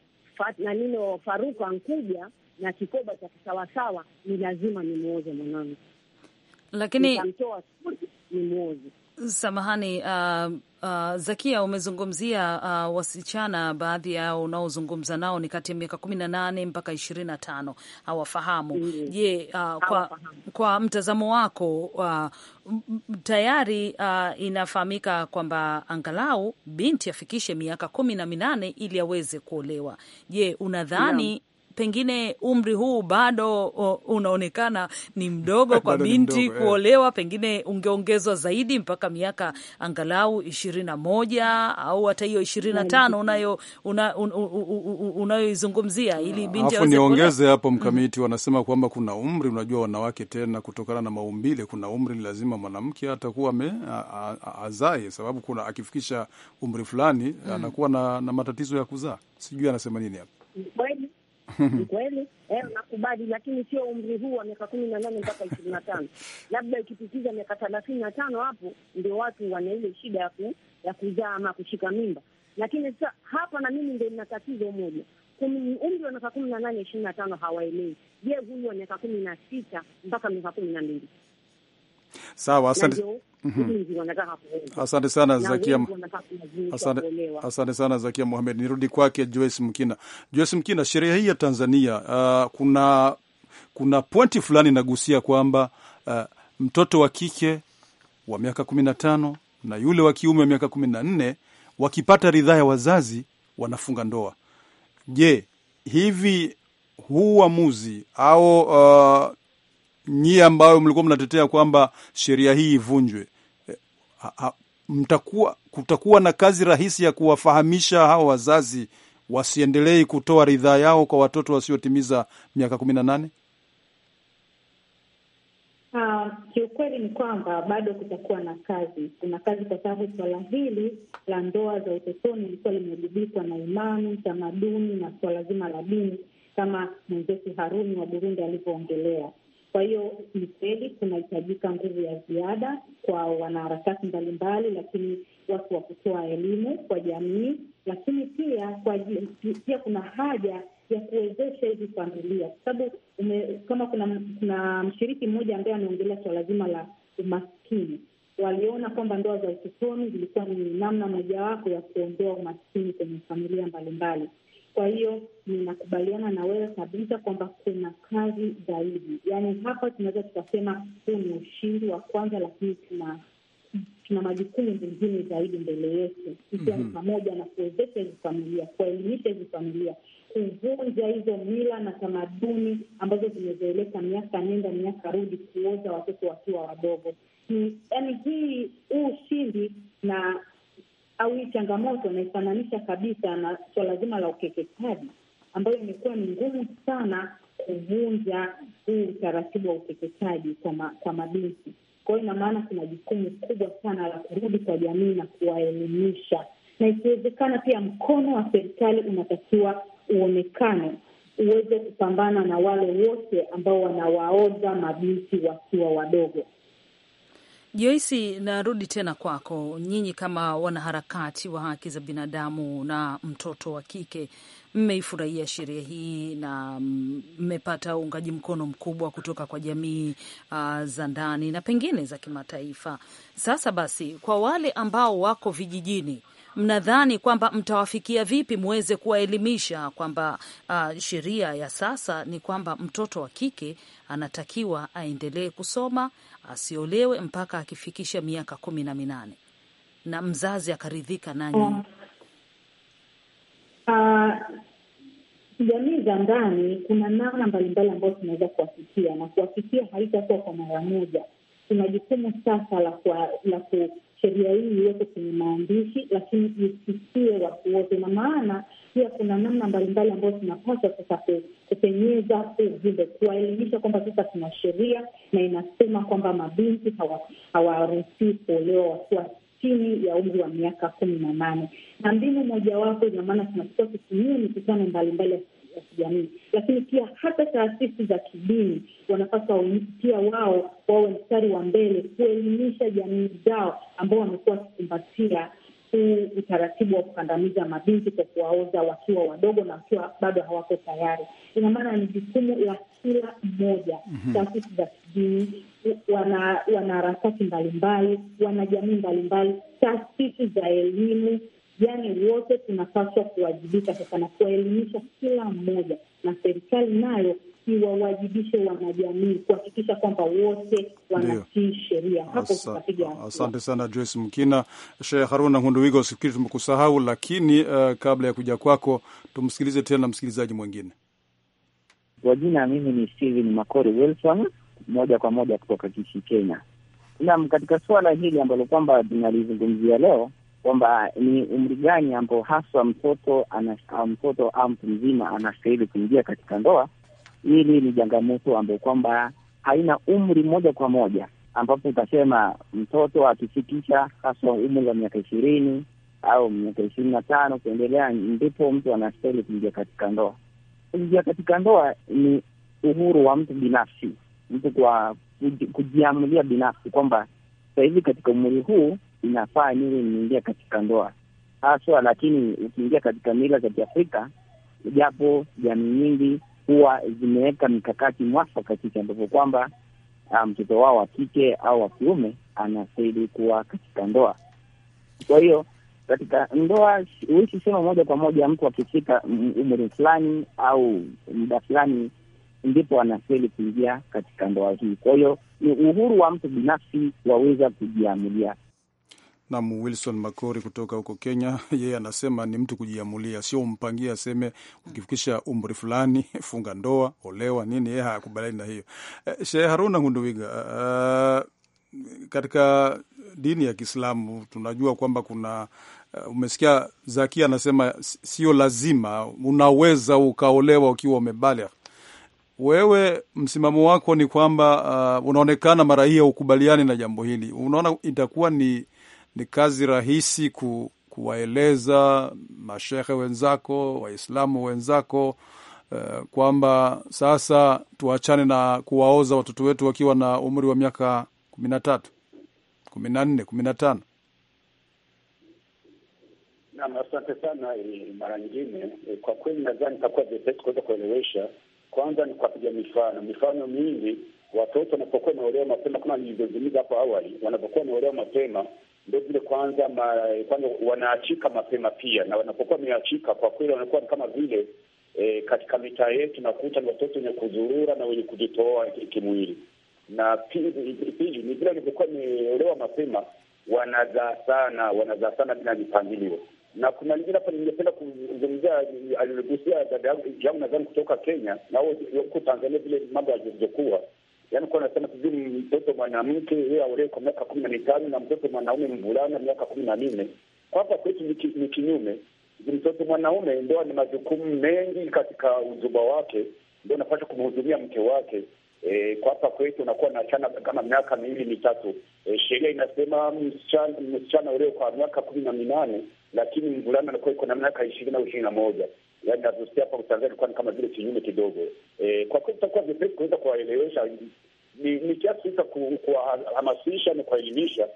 nanino faruka Faruku ankuja na kikoba cha kisawasawa, ni lazima nimwoze mwanangu, lakini nitamtoa ni mwoze Samahani, uh, uh, Zakia, umezungumzia uh, wasichana baadhi yao unaozungumza nao ni kati ya miaka kumi na nane mpaka ishirini na tano hawafahamu. Mm-hmm. Je, mm, uh, kwa, kwa mtazamo wako uh, tayari uh, inafahamika kwamba angalau binti afikishe miaka kumi na minane ili aweze kuolewa. Je, unadhani pengine umri huu bado unaonekana ni mdogo (laughs) kwa binti mdogo, eh. kuolewa yeah. Pengine ungeongezwa zaidi mpaka miaka angalau ishirini na moja au hata hiyo ishirini na tano una, un, un, un, unayoizungumzia ili binti afu niongeze hapo mm. mkamiti mm. Wanasema kwamba kuna umri, unajua wanawake tena, kutokana na maumbile, kuna umri ni lazima mwanamke atakuwa azae, sababu kuna akifikisha umri fulani mm. anakuwa na, na matatizo ya kuzaa. Sijui anasema nini hapa. (laughs) ni kweli eh, nakubali, lakini sio umri huu wa miaka kumi na nane mpaka ishirini na tano (laughs) labda ikipitiza miaka thelathini na tano hapo ndio watu wana ile shida ya ya kuzaa ama kushika mimba. Lakini sasa hapa na mimi ndio nina tatizo moja umri wa miaka kumi na nane ishirini na tano hawaelewi. Je, huyu wa miaka kumi na sita mpaka miaka kumi na mbili Sawa, asante. Mhm. Asante sana Zakia, asante sana Zakia Muhamed. Nirudi kwake Joyce Mkina. Joyce Mkina, sheria hii ya Tanzania uh, kuna kuna pointi fulani nagusia kwamba uh, mtoto wa kike wa miaka kumi na tano na yule wa kiume wa miaka kumi na nne wakipata ridhaa ya wazazi wanafunga ndoa. Je, hivi huu uamuzi au uh, nyie ambayo mlikuwa mnatetea kwamba sheria hii ivunjwe, eh, mtakuwa kutakuwa na kazi rahisi ya kuwafahamisha hao wazazi wasiendelei kutoa ridhaa yao kwa watoto wasiotimiza miaka kumi na nane? Ah, kiukweli ni kwamba bado kutakuwa na kazi, kuna kazi, kwa sababu swala hili la ndoa za utotoni ilikuwa limegubikwa na imani, tamaduni na suala zima la dini, kama mwenzetu Haruni wa Burundi alivyoongelea. Kwa hiyo ni kweli kunahitajika nguvu ya ziada kwa wanaharakati mbalimbali, lakini watu wa kutoa elimu kwa jamii, lakini pia kwa pia kuna haja ya kuwezesha hizi familia, kwa sababu kama kuna, kuna mshiriki mmoja ambaye ameongelea swala zima la umaskini. Waliona kwamba ndoa za utotoni zilikuwa ni namna mojawapo ya kuondoa umaskini kwenye familia mbalimbali mbali. Kwa hiyo ninakubaliana na wewe kabisa kwamba kuna kazi zaidi, yaani hapa tunaweza tukasema huu ni ushindi wa kwanza, lakini tuna tuna majukumu mengine zaidi mbele yetu, ikiwa ni mhm. pamoja na kuwezesha hizi familia, kuwaelimisha hizi familia, kuvunja hizo mila na tamaduni ambazo zimezoeleka miaka nenda miaka rudi, kuoza watoto wakiwa wadogo. Yaani hii huu ushindi na au hii changamoto naifananisha kabisa na swala zima la ukeketaji, ambayo imekuwa ni ngumu sana kuvunja huu utaratibu wa ukeketaji kwa mabinti. Kwa hiyo ina maana kuna jukumu kubwa sana la kurudi kwa jamii na kuwaelimisha, na ikiwezekana pia mkono wa serikali unatakiwa uonekane uweze kupambana na wale wote ambao wanawaoza mabinti wakiwa wadogo joisi narudi tena kwako. Nyinyi kama wanaharakati wa haki za binadamu na mtoto wa kike, mmeifurahia sheria hii na mmepata uungaji mkono mkubwa kutoka kwa jamii uh, za ndani na pengine za kimataifa. Sasa basi, kwa wale ambao wako vijijini mnadhani kwamba mtawafikia vipi muweze kuwaelimisha kwamba uh, sheria ya sasa ni kwamba mtoto wa kike anatakiwa aendelee kusoma asiolewe mpaka akifikisha miaka kumi na minane na mzazi akaridhika nanyi? Uh, ah, uh, ah, jamii za ndani kuna namna mbalimbali ambayo tunaweza kuwafikia na kuwafikia, haitakuwa kwa mara moja. Kuna jukumu sasa la la sheria hii iweko kwenye maandishi, lakini isifikie watu wote, na maana pia kuna namna mbalimbali ambayo tunapaswa sasa kupenyeza ujumbe, kuwaelimisha kwamba sasa tuna sheria na inasema kwamba mabinti hawaruhusii kuolewa wakiwa chini ya umri wa miaka kumi na nane na mbinu mojawapo, ina maana tunatakiwa kutumia mikutano mbalimbali ya kijamii, lakini pia hata taasisi za kidini wanapaswa pia wao wawe mstari wa mbele kuelimisha jamii zao ambao wamekuwa wakikumbatia huu utaratibu wa kukandamiza mabinti kwa kuwaoza wakiwa wadogo na wakiwa bado hawako tayari. Ina maana ni jukumu la kila mmoja, taasisi mhm. za kidini, wanaharakati mbalimbali, wanajamii mbalimbali, taasisi za elimu yani wote tunapaswa kuwajibika sasa na kuwaelimisha kila mmoja, na serikali nayo iwawajibishe wanajamii kuhakikisha kwamba wote wanatii sheria. Hapo tutapiga. Asante sana Joyce Mkina. Sheikh Haruna Hunduwigo, sikiri tumekusahau, lakini uh, kabla ya kuja kwako tumsikilize tena msikilizaji mwingine. Kwa jina mimi ni Steven Makori Wilson, moja kwa moja kutoka Kishi, Kenya. Naam, katika suala hili ambalo kwamba tunalizungumzia leo kwamba ni umri gani ambao haswa mtoto ana, mtoto au mtu mzima anastahili kuingia katika ndoa. Hili ni changamoto ambayo kwamba haina umri moja kwa moja ambapo utasema mtoto akifikisha haswa umri wa miaka ishirini au miaka ishirini na tano kuendelea ndipo mtu anastahili kuingia katika ndoa. Kuingia katika ndoa ni uhuru wa mtu binafsi, mtu kwa kujiamulia binafsi kwamba sahivi katika umri huu inafaa nini niingia katika ndoa haswa. Lakini ukiingia katika mila za Kiafrika, japo jamii nyingi huwa zimeweka mikakati mwafaka katika ambapo kwamba ah, mtoto um, wao wa kike au wa kiume anastahili kuwa katika ndoa. Kwa hiyo katika ndoa huwezi sema moja kwa moja mtu akifika umri fulani au muda fulani ndipo anastahili kuingia katika ndoa hii. Kwa hiyo ni uhuru wa mtu binafsi waweza kujiamulia. Nam Wilson Makori kutoka huko Kenya, (laughs) yeye anasema ni mtu kujiamulia, sio umpangie aseme ukifikisha umri fulani (laughs) funga ndoa, olewa nini. Yeye hayakubaliani na hiyo. Eh, Shehe Haruna Hunduwiga, uh, eh, katika dini ya Kiislamu tunajua kwamba kuna uh, umesikia Zaki anasema sio lazima, unaweza ukaolewa ukiwa umebaligh wewe msimamo wako ni kwamba uh, unaonekana mara hii haukubaliani na jambo hili. Unaona itakuwa ni ni kazi rahisi ku, kuwaeleza mashehe wenzako, Waislamu wenzako uh, kwamba sasa tuachane na kuwaoza watoto wetu wakiwa na umri wa miaka kumi na tatu, kumi na nne, kumi na tano. Naam, asante sana. Mara nyingine eh, kwa kweli nadhani itakuwa vyepesi kuweza kuelewesha. Kwanza ni kuwapiga mifano, mifano mingi. Watoto wanapokuwa wameolewa mapema, kama nilivyozungumza hapo awali, wanapokuwa wameolewa mapema vile kwanza ma, kwanza wanaachika mapema pia, na wanapokuwa wameachika kwa kweli wanakuwa kama vile e, katika mitaa yetu nakuta ni watoto wenye kuzurura na wenye kujitoa kimwili, na pili ni vile walivyokuwa wameolewa mapema, wanazaa sana, wanazaa sana bila mipangilio. Na kuna lingine hapa ningependa kuzungumzia, aligusia dada yangu nadhani kutoka Kenya na huko Tanzania vile mambo yalivyokuwa yani kuwa nasema sijui mtoto mwanamke yeye aolewe kwa miaka kumi na mitano na mtoto mwanaume mvulana miaka kumi na nne Hapa kwetu ni kinyume. Mtoto mwanaume ndo ana majukumu mengi katika uzuba wake, ndo anapasha kumhudumia mke wake. E, kwa hapa kwetu unakuwa na chana kama miaka miwili mitatu. E, sheria inasema msichana ulio kwa miaka kumi na minane, lakini mvulana anakuwa iko na miaka ishirini au ishirini na moja yani navyosikia hapa Tanzania ilikuwa ni kama vile kinyume kidogo. E, kwa kweli itakuwa vipesi kuweza kuwaelewesha, ni kiasi cha kuwahamasisha na kuwaelimisha,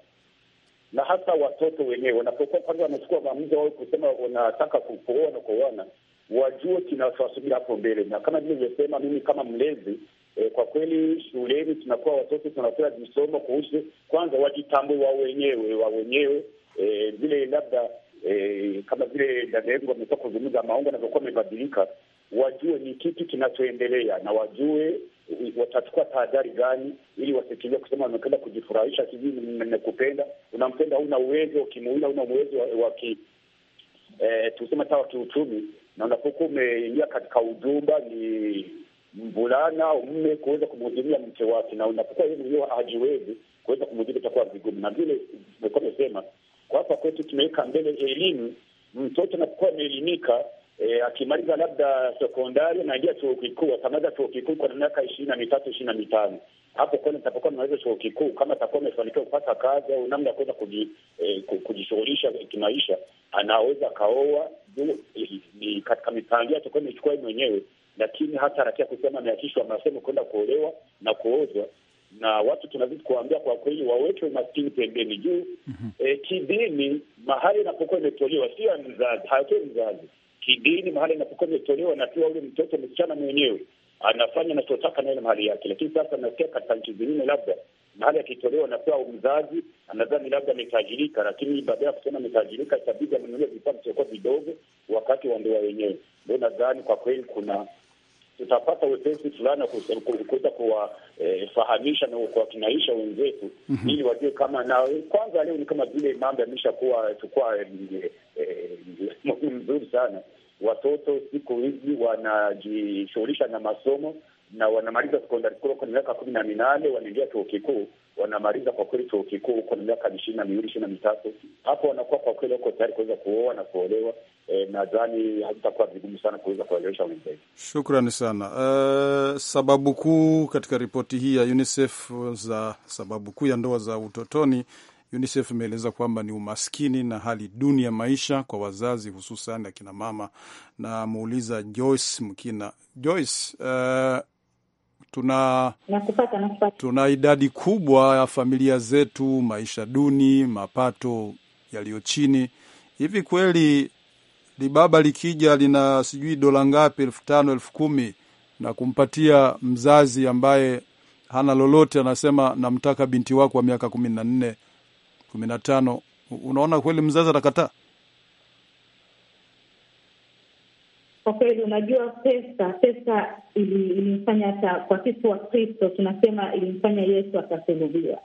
na hasa watoto wenyewe wanapokuwa kwanza wanachukua maamuzi wao kusema wanataka kuoa na kuoana, wajue kinachowasubiri hapo mbele, na kama vile mimi kama mlezi eh, kwa kweli shuleni tunakuwa watoto tunapewa visomo kuhusu kwanza wajitambue wao wenyewe wa wenyewe e, vile, labda e, kama vile dada yangu wametoka kuzungumza maongo anavyokuwa amebadilika, wajue ni kitu kinachoendelea na wajue watachukua tahadhari gani ili wasikilia kusema wamekenda kujifurahisha, sijui nimekupenda, unampenda, una uwezo ukimuia, una uwezo wa e, tuseme hata wa kiuchumi, na unapokuwa umeingia katika ujumba ni mvulana au mme kuweza kumhudumia mke wake, na unapokuwa yeye mwenyewe hajiwezi kuweza kumhudumia, itakuwa vigumu, na vile imekuwa amesema, kwa hapa kwetu tumeweka mbele elimu. Mtoto anapokuwa ameelimika e, akimaliza labda sekondari anaingia chuo kikuu, atamaliza chuo kikuu kwa miaka ishirini na mitatu ishirini na mitano hapo kwani tapokuwa mnaweza chuo kikuu, kama atakuwa amefanikiwa kupata kazi au namna ya kuweza e, kujishughulisha e, kimaisha, anaweza akaoa e, katika mipango atakuwa imechukua mwenyewe, lakini hata rakia kusema ameachishwa masomo kwenda kuolewa na kuozwa, na watu tunazidi kuwaambia kwa kweli waweke umaskini pembeni. Juu mhm. e, kidini mahali inapokuwa imetolewa sio ya mzazi, hayatoi mzazi. Kidini mahali inapokuwa imetolewa pia ule mtoto msichana mwenyewe anafanya anachotaka naye mahali yake. Lakini sasa nasikia katika nchi zingine, labda mahali akitolewa napewa mzazi, anadhani labda ametajirika, lakini baadaye ya kusema ametajirika itabidi amenunua vifaa vitakuwa vidogo wakati wa ndoa wenyewe. Ndo nadhani kwa kweli kuna tutapata wepesi fulani wa kuweza kuwafahamisha na kuwakinaisha wenzetu mm -hmm. ili wajue kama na kwanza leo ni kama vile mambo yameshakuwa muhimu eh, eh, (laughs) mzuri sana. Watoto siku hizi wanajishughulisha na masomo na wanamaliza sekondari kuu kwa miaka kumi na minane wanaingia chuo kikuu, wanamaliza kwa kweli chuo kikuu kwa miaka ishirini na miwili ishirini na mitatu hapo wanakuwa kwa kweli wako tayari kuweza kuoa na kuolewa. E, nadhani hazitakuwa vigumu sana kuweza kuwaelewesha wenzetu. Shukrani sana. Uh, sababu kuu katika ripoti hii ya UNICEF za sababu kuu ya ndoa za utotoni UNICEF imeeleza kwamba ni umaskini na hali duni ya maisha kwa wazazi hususan akina mama. Na muuliza Joyce Mkina, Joyce, uh, tuna nakupata, nakupata. Tuna idadi kubwa ya familia zetu, maisha duni, mapato yaliyo chini. Hivi kweli libaba likija lina sijui dola ngapi, elfu tano elfu kumi na kumpatia mzazi ambaye hana lolote, anasema namtaka binti wako wa miaka kumi na nne kumi na tano unaona kweli mzazi atakataa? kwa kweli, unajua pesa pesa ilimfanya hata kwa sisi wa Kristo tunasema ilimfanya Yesu akasulubiwa.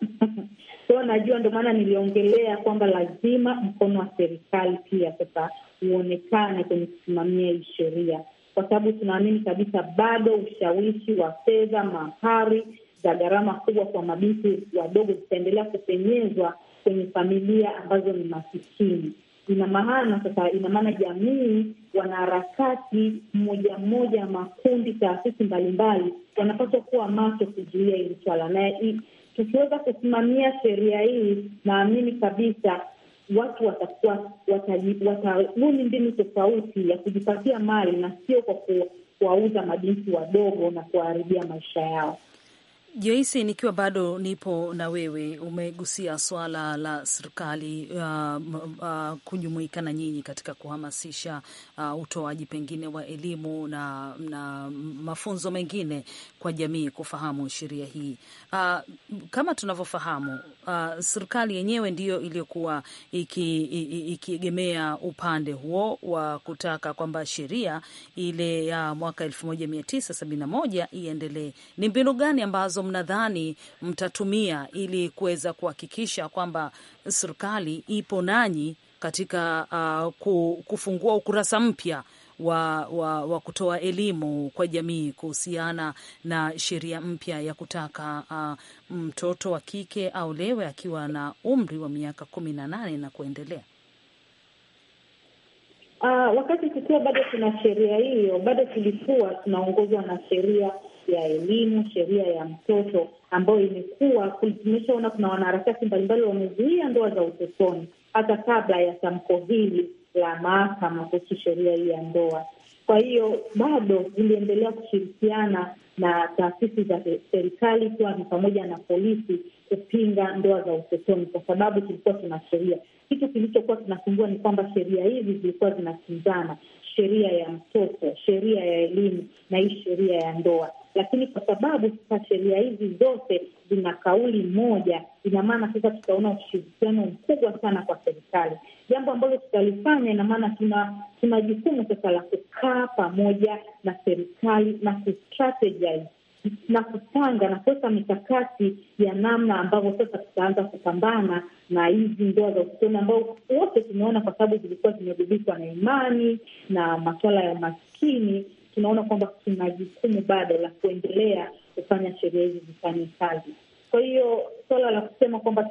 So (laughs) najua ndo maana niliongelea kwamba lazima mkono wa serikali pia sasa uonekane kwenye kusimamia hii sheria, kwa sababu tunaamini kabisa bado ushawishi wa fedha, mahari za gharama kubwa kwa mabinti wadogo zitaendelea kupenyezwa kwenye familia ambazo ni masikini ina maana sasa, ina maana jamii, wanaharakati mmoja mmoja, makundi, taasisi mbalimbali wanapaswa kuwa macho kuzuia hili swala, na tukiweza kusimamia sheria hii, naamini kabisa watu watakuwa watabuni mbinu tofauti ya kujipatia mali na sio kwa kuwauza mabinti wadogo na kuwaharibia maisha yao jeisi nikiwa bado nipo na wewe, umegusia swala la serikali uh, uh, kujumuika na nyinyi katika kuhamasisha uh, utoaji pengine wa elimu na, na mafunzo mengine kwa jamii kufahamu sheria hii. Uh, kama tunavyofahamu uh, serikali yenyewe ndiyo iliyokuwa ikiegemea iki upande huo wa kutaka kwamba sheria ile ya uh, mwaka 1971 iendelee. Ni mbinu gani ambazo ambazo mnadhani mtatumia ili kuweza kuhakikisha kwamba serikali ipo nanyi katika uh, kufungua ukurasa mpya wa, wa, wa kutoa elimu kwa jamii kuhusiana na sheria mpya ya kutaka uh, mtoto wa kike aolewe akiwa na umri wa miaka kumi na nane na kuendelea. Uh, wakati tukiwa bado tuna sheria hiyo, bado tulikuwa tunaongozwa na sheria ya elimu, sheria ya mtoto ambayo imekuwa, tumeshaona kuna wanaharakati mbalimbali wamezuia ndoa za utotoni hata kabla ya tamko hili la mahakama kuhusu sheria hii ya ndoa. Kwa hiyo bado ziliendelea kushirikiana na taasisi za serikali ikiwa ni pamoja na polisi kupinga ndoa za utotoni, kwa sababu tulikuwa tuna sheria. Kitu kilichokuwa kinasumbua ni kwamba sheria hizi zilikuwa zinakinzana, sheria ya mtoto, sheria ya elimu na hii sheria ya ndoa lakini kwa sababu sasa sheria hizi zote zina kauli moja, ina maana sasa tutaona ushirikiano mkubwa sana kwa serikali, jambo ambalo tutalifanya. Ina maana tuna tuna jukumu sasa la kukaa pamoja na serikali na kustrategize na kupanga na kuweka mikakati ya namna ambavyo sasa tutaanza kupambana na hizi ndoa za utotoni ambao wote tumeona kwa sababu zilikuwa zimegubikwa na imani na masuala ya umaskini tunaona kwamba kuna jukumu bado la kuendelea kufanya sheria hizi zifanye kazi. Kwa hiyo suala la kusema kwamba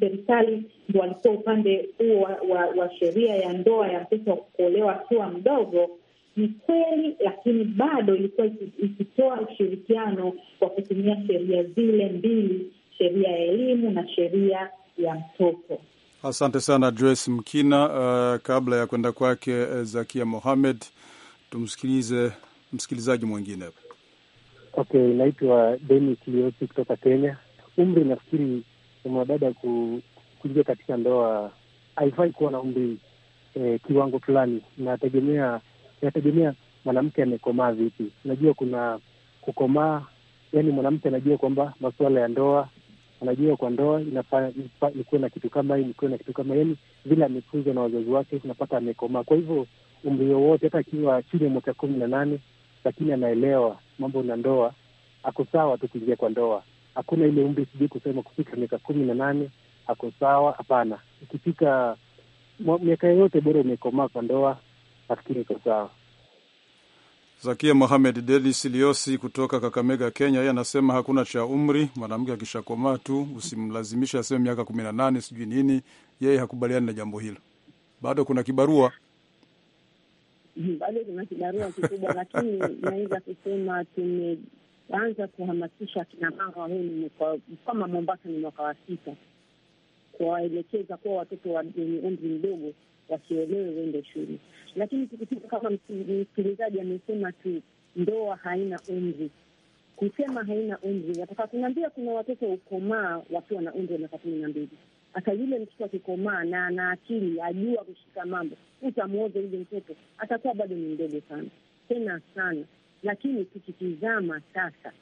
serikali ndo walikuwa upande huo wa, wa, wa sheria ya ndoa ya mtoto wa kuolewa akiwa mdogo ni kweli, lakini bado ilikuwa ikitoa ushirikiano kwa kutumia sheria zile mbili, sheria ya elimu na sheria ya mtoto. Asante sana Joyce Mkina. Uh, kabla ya kwenda kwake Zakia Mohamed Tumsikilize msikilizaji mwingine. Okay, naitwa Deni Kiliosi kutoka Kenya. Umri nafikiri mwadada kuingia katika ndoa haifai kuwa na umri eh, kiwango fulani, nategemea mwanamke amekomaa vipi. najua kuna kukomaa, yani mwanamke anajua kwamba masuala ya ndoa anajua kwa ndoa inafaa nikuwe na kitu kama hii, nikuwe na kitu kama yani vile amefunzwa na wazazi wake, unapata amekomaa. Kwa hivyo umri wowote, hata akiwa chini ya mwaka kumi na nane, lakini anaelewa mambo na ndoa. Ako sawa tu kuingia kwa ndoa, hakuna ile umri sijui kusema kufika miaka kumi na nane ako sawa. Hapana, ukifika miaka yoyote bora umekomaa kwa ndoa, nafikiri iko sawa. Zakia Mohamed Delis Liosi kutoka Kakamega, Kenya, yeye anasema hakuna cha umri. Mwanamke akishakomaa tu usimlazimishe aseme miaka kumi na nane sijui nini. Yeye hakubaliani na jambo hilo. Bado kuna kibarua bado kuna kibarua kikubwa, lakini naweza kusema tumeanza kuhamasisha akinamama. Huu kama Mombasa ni mwaka wa sita, kuwaelekeza kuwa watoto wenye umri mdogo wasiolewe wende shule. Lakini tukitoka kama msikilizaji amesema tu, ndoa haina umri. Kusema haina umri, wataka kuniambia kuna watoto ukomaa wakiwa na umri wa miaka kumi na mbili. Hata yule mtoto akikomaa na ana akili ajua kushika mambo, utamwoza yule mtoto, atakuwa bado ni mdogo sana tena sana. Lakini tukitizama sasa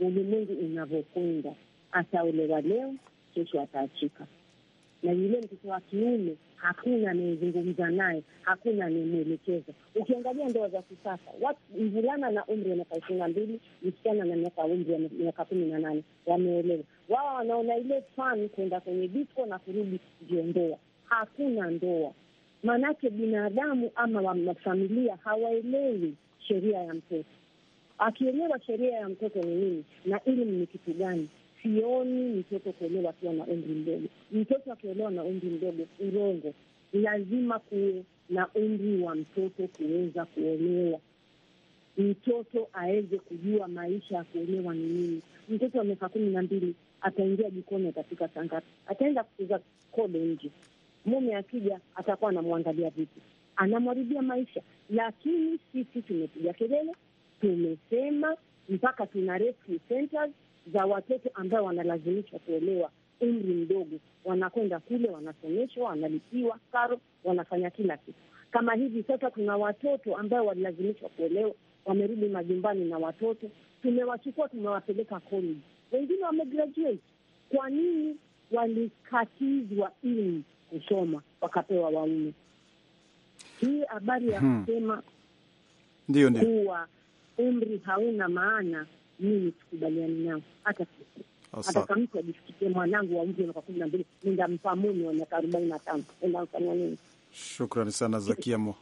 ulimwengu unavyokwenda, ataolewa leo, kesho ataachika na yule mtoto wa kiume hakuna anayezungumza naye, hakuna anayemwelekeza. Ukiangalia ndoa za kisasa, mvulana na umri wa miaka ishirini na mbili, msichana na miaka umri wa miaka kumi na nane, wameolewa. Wao wanaona ile fan kwenda kwenye disko na kurudi ndio ndoa. Hakuna ndoa, maanake binadamu ama wafamilia hawaelewi sheria ya mtoto. Akielewa sheria ya mtoto ni nini na ilmu ni kitu gani sioni mtoto kuolewa akiwa na umri mdogo. Mtoto akiolewa na umri mdogo urongo, lazima kuwe na umri wa mtoto kuweza kuolewa, mtoto aweze kujua maisha ya kuolewa ni nini. Mtoto wa miaka kumi na mbili ataingia jikoni, atapika saa ngapi? Ataenda kucheza kobe nje, mume akija atakuwa anamwangalia vipi? anamwaribia maisha. Lakini sisi tumepiga kelele, tumesema mpaka tuna rescue centers za watoto ambao wanalazimishwa kuolewa umri mdogo, wanakwenda kule, wanasomeshwa, wanalipiwa karo, wanafanya kila kitu. Kama hivi sasa, kuna watoto ambao walilazimishwa kuolewa, wamerudi majumbani na watoto, tumewachukua tumewapeleka college, wengine wamegraduate. Kwa nini walikatizwa ili kusoma wakapewa waume? Hii habari ya hmm. kusema hmm, ndio ndio kuwa umri hauna maana mimi sikubaliani nao hata siku hata kama mtu ajifikirie mwanangu wa umri wa kumi na mbili nitampa mume wa miaka arobaini na tano enda endamfanya nini? Shukrani sana Zakia Mo.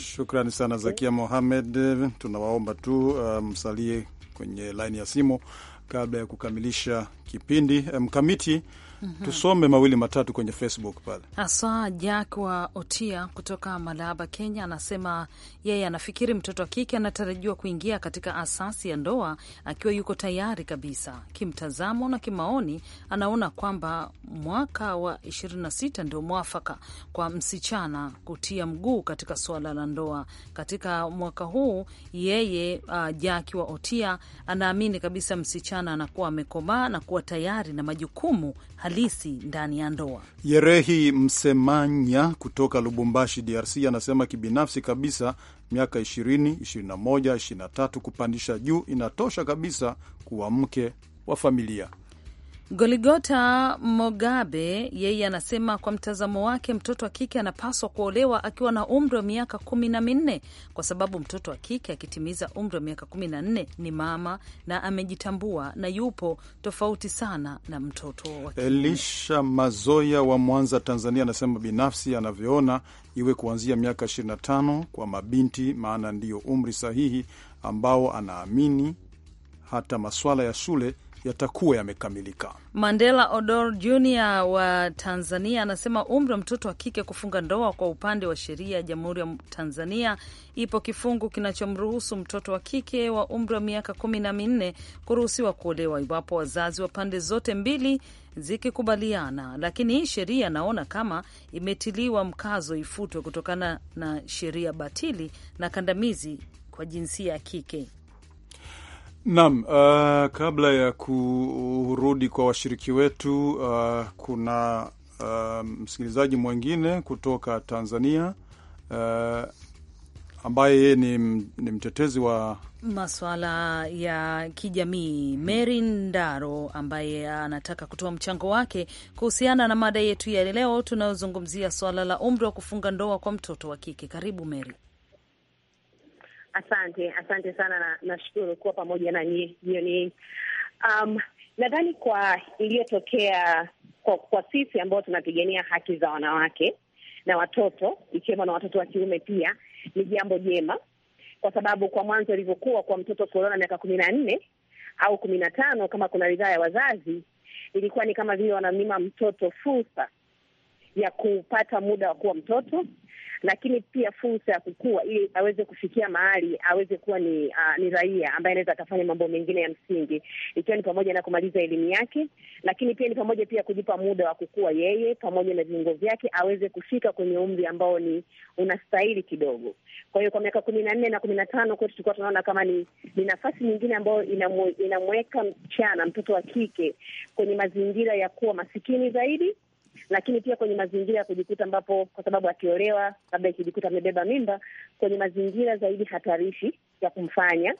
Shukrani sana Zakia Mohamed. Tunawaomba tu uh, msalie um, kwenye laini ya simu kabla ya kukamilisha kipindi uh, mkamiti um, -hmm. Tusome mawili matatu kwenye Facebook pale haswa. Jack wa Otia kutoka Malaba, Kenya, anasema yeye anafikiri mtoto wa kike anatarajiwa kuingia katika asasi ya ndoa akiwa yuko tayari kabisa kimtazamo na kimaoni. Anaona kwamba mwaka wa 26 ndio mwafaka kwa msichana kutia mguu katika suala la ndoa katika mwaka huu. Yeye uh, Jack wa Otia anaamini kabisa msichana anakuwa amekomaa na kuwa tayari na majukumu halisi ndani ya ndoa. Yerehi Msemanya kutoka Lubumbashi, DRC, anasema kibinafsi kabisa, miaka 20, 21, 23 kupandisha juu inatosha kabisa kuwa mke wa familia. Goligota Mogabe yeye anasema kwa mtazamo wake, mtoto wa kike anapaswa kuolewa akiwa na umri wa miaka kumi na minne kwa sababu mtoto wa kike akitimiza umri wa miaka kumi na nne ni mama na amejitambua na yupo tofauti sana na mtoto wa kike. Elisha Mazoya wa Mwanza, Tanzania, anasema binafsi anavyoona iwe kuanzia miaka 25 kwa mabinti, maana ndiyo umri sahihi ambao anaamini hata maswala ya shule yatakuwa yamekamilika. Mandela Odor Jr wa Tanzania anasema umri wa mtoto wa kike kufunga ndoa kwa upande wa sheria ya Jamhuri ya Tanzania ipo kifungu kinachomruhusu mtoto wa kike wa umri wa miaka kumi na minne kuruhusiwa kuolewa iwapo wazazi wa pande zote mbili zikikubaliana, lakini hii sheria naona kama imetiliwa mkazo, ifutwe kutokana na sheria batili na kandamizi kwa jinsia ya kike. Naam, uh, kabla ya kurudi kwa washiriki wetu uh, kuna uh, msikilizaji mwingine kutoka Tanzania uh, ambaye yeye ni, ni mtetezi wa maswala ya kijamii hmm. Mary Ndaro, ambaye anataka kutoa mchango wake kuhusiana na mada yetu ya leo tunayozungumzia swala la umri wa kufunga ndoa kwa mtoto wa kike. Karibu Mary. Asante, asante sana na nashukuru kuwa pamoja na nyie jioni hii. Um, nadhani kwa iliyotokea kwa, kwa sisi ambao tunapigania haki za wanawake na watoto ikiwemo na watoto wa kiume pia ni jambo jema, kwa sababu kwa mwanzo ilivyokuwa kwa mtoto kuolewa miaka kumi na nne au kumi na tano kama kuna ridhaa ya wazazi, ilikuwa ni kama vile wanamnyima mtoto fursa ya kupata muda wa kuwa mtoto, lakini pia fursa ya kukua ili aweze kufikia mahali aweze kuwa ni uh, ni raia ambaye anaweza akafanya mambo mengine ya msingi, ikiwa ni pamoja na kumaliza elimu yake, lakini pia ni pamoja pia kujipa muda wa kukua yeye pamoja na viungo vyake, aweze kufika kwenye umri ambao ni unastahili kidogo. Kwa hiyo kwa miaka kumi na nne na kumi na tano kwetu tulikuwa tunaona kama ni, ni nafasi nyingine ambayo inamweka mchana mtoto wa kike kwenye mazingira ya kuwa masikini zaidi lakini pia kwenye mazingira ya kujikuta ambapo, kwa sababu akiolewa, labda ikijikuta amebeba mimba, kwenye mazingira zaidi hatarishi ya kumfanya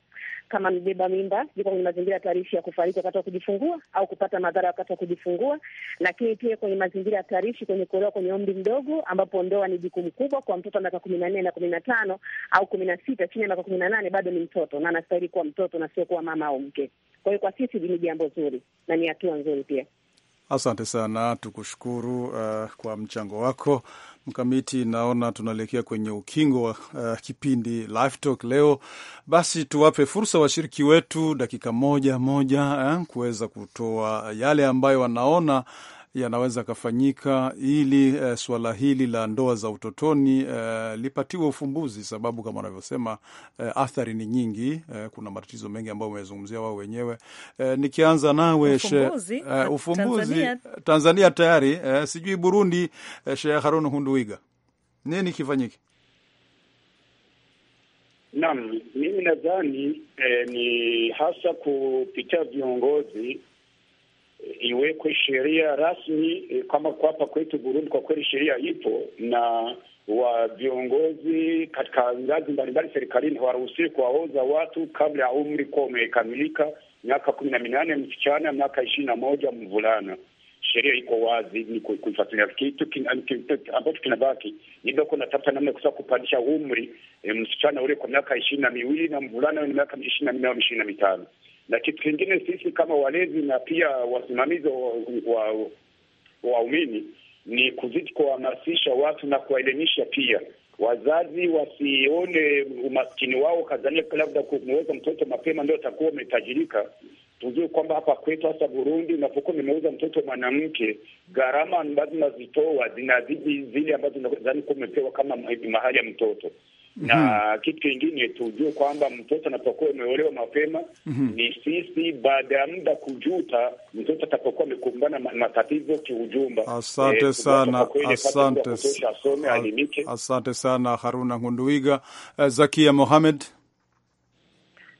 kama amebeba mimba, yuko kwenye mazingira hatarishi ya kufariki wakati wa kujifungua au kupata madhara wakati wa kujifungua, lakini pia kwenye mazingira hatarishi kwenye kuolewa kwenye umri mdogo, ambapo ndoa ni jukumu kubwa kwa mtoto miaka kumi na nne na kumi na tano au kumi na sita Chini ya miaka kumi na nane bado ni mtoto na anastahili kuwa mtoto na sio kuwa mama au mke. Kwa hiyo kwa sisi ni jambo zuri na ni hatua nzuri pia. Asante sana, tukushukuru uh, kwa mchango wako Mkamiti. Naona tunaelekea kwenye ukingo wa uh, kipindi Live Talk leo. Basi tuwape fursa washiriki wetu dakika moja moja, eh, kuweza kutoa yale ambayo wanaona yanaweza kafanyika ili e, eh, suala hili la ndoa za utotoni e, lipatiwe ufumbuzi, sababu kama wanavyosema e, athari ni nyingi e, kuna matatizo mengi ambayo wamezungumzia wao wenyewe e, nikianza nawe ufumbuzi, e, ufumbuzi Tanzania, Tanzania tayari e, sijui Burundi e, Sheikh Harun Hunduiga, nini kifanyike? Naam, mimi nadhani eh, ni hasa kupitia viongozi iwekwe sheria rasmi e, kama kwapa kwetu Burundi. Kwa kweli sheria ipo na wa viongozi katika ngazi mbalimbali serikalini hawaruhusiwi kuwaoza watu kabla ya umri kuwa umekamilika, miaka kumi na minane msichana, miaka ishirini na moja mvulana. Sheria iko wazi, ni kuifuatilia. Kitu ambacho kinabaki ni ndio tafuta namna kusa kupandisha umri e, msichana ule kwa miaka ishirini na miwili na mvulana ni miaka ishirini na minne au ishirini na mitano. Na kitu kingine, sisi kama walezi na pia wasimamizi wa waumini wa ni kuzidi kuhamasisha watu na kuwaelimisha pia wazazi wasione umaskini wao kazania labda kumeweza mtoto mapema ndio atakuwa umetajirika. Tujue kwamba hapa kwetu hasa Burundi, unapokuwa umemweza mtoto mwanamke, gharama ambazo nazitoa zinazidi zile ambazo unadhani kuwa umepewa kama mahali ya mtoto na mm -hmm. Kitu kingine tujue kwamba mtoto anapokuwa ameolewa mapema mm -hmm. ni sisi baada ya muda kujuta mtoto atakapokuwa amekumbana na matatizo kiujumba. Asante eh, sana asante, asome, as asante sana Haruna Ngunduiga. Eh, Zakia Mohamed.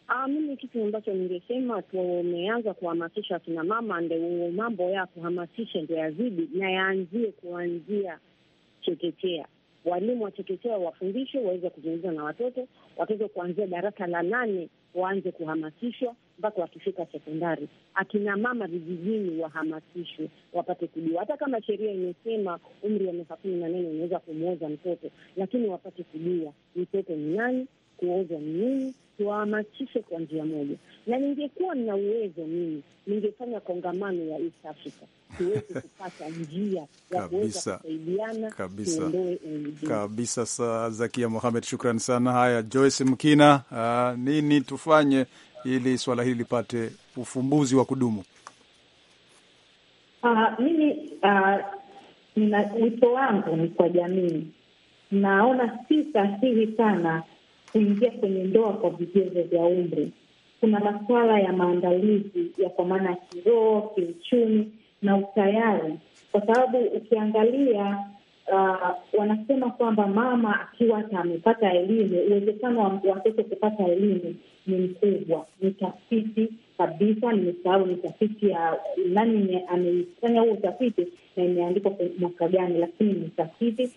Ah, mimi kitu ambacho ningesema tumeanza kuhamasisha akina mama, ndio mambo ya kuhamasisha ndio yazidi na yaanzie kuanzia chekechea walimu wa chekechea wafundishwe, waweze kuzungumza na watoto. Watoto kuanzia darasa la nane waanze kuhamasishwa mpaka wakifika sekondari. Akina mama vijijini wahamasishwe, wapate kujua, hata kama sheria imesema umri wa miaka kumi na nane unaweza kumwoza mtoto, lakini wapate kujua mtoto ni nani, kuoza ni nini tuwahamasishe kwa njia moja, na ningekuwa nina uwezo mimi ningefanya kongamano ya East Africa (laughs) kupata njia ya kuweza kabisa. Sa Zakia Mohamed, shukran sana. Haya, Joyce Mkina, uh, nini tufanye ili swala hili lipate ufumbuzi wa kudumu? Uh, mimi uh, wito wangu ni kwa jamii, naona si sahihi sana kuingia kwenye ndoa kwa vigezo vya umri. Kuna masuala ya maandalizi ya kwa maana ya kiroho, kiuchumi na utayari, kwa sababu ukiangalia uh, wanasema kwamba mama akiwa hata amepata elimu, uwezekano wa watoto kupata elimu ni mkubwa. Ni tafiti kabisa, nimesahau ni tafiti ya nani ameifanya huo utafiti na imeandikwa mwaka gani, lakini ni tafiti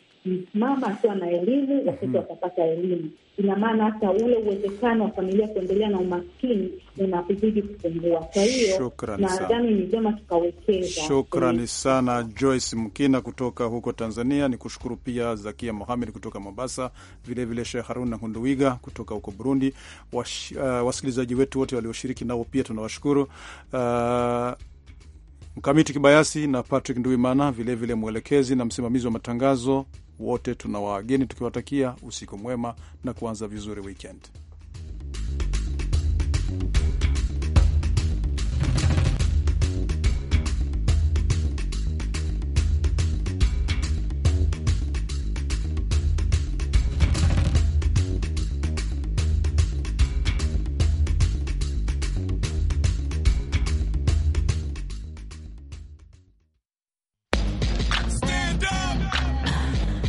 mama akiwa na elimu, watoto mhm. watapata elimu. Ina maana hata ule uwezekano wa familia kuendelea na umaskini unazidi kupungua. Kwa hiyo nadhani ni vyema tukawekeza. Shukrani eh, sana Joyce Mkina kutoka huko Tanzania, ni kushukuru pia Zakia Mohamed kutoka Mombasa, vilevile Shekh Haruna Hunduwiga kutoka huko Burundi. Wash, uh, wasikilizaji wetu wote walioshiriki nao pia tunawashukuru uh, Mkamiti Kibayasi na Patrick Nduimana, vilevile mwelekezi na msimamizi wa matangazo wote tunawaageni tukiwatakia usiku mwema na kuanza vizuri weekend.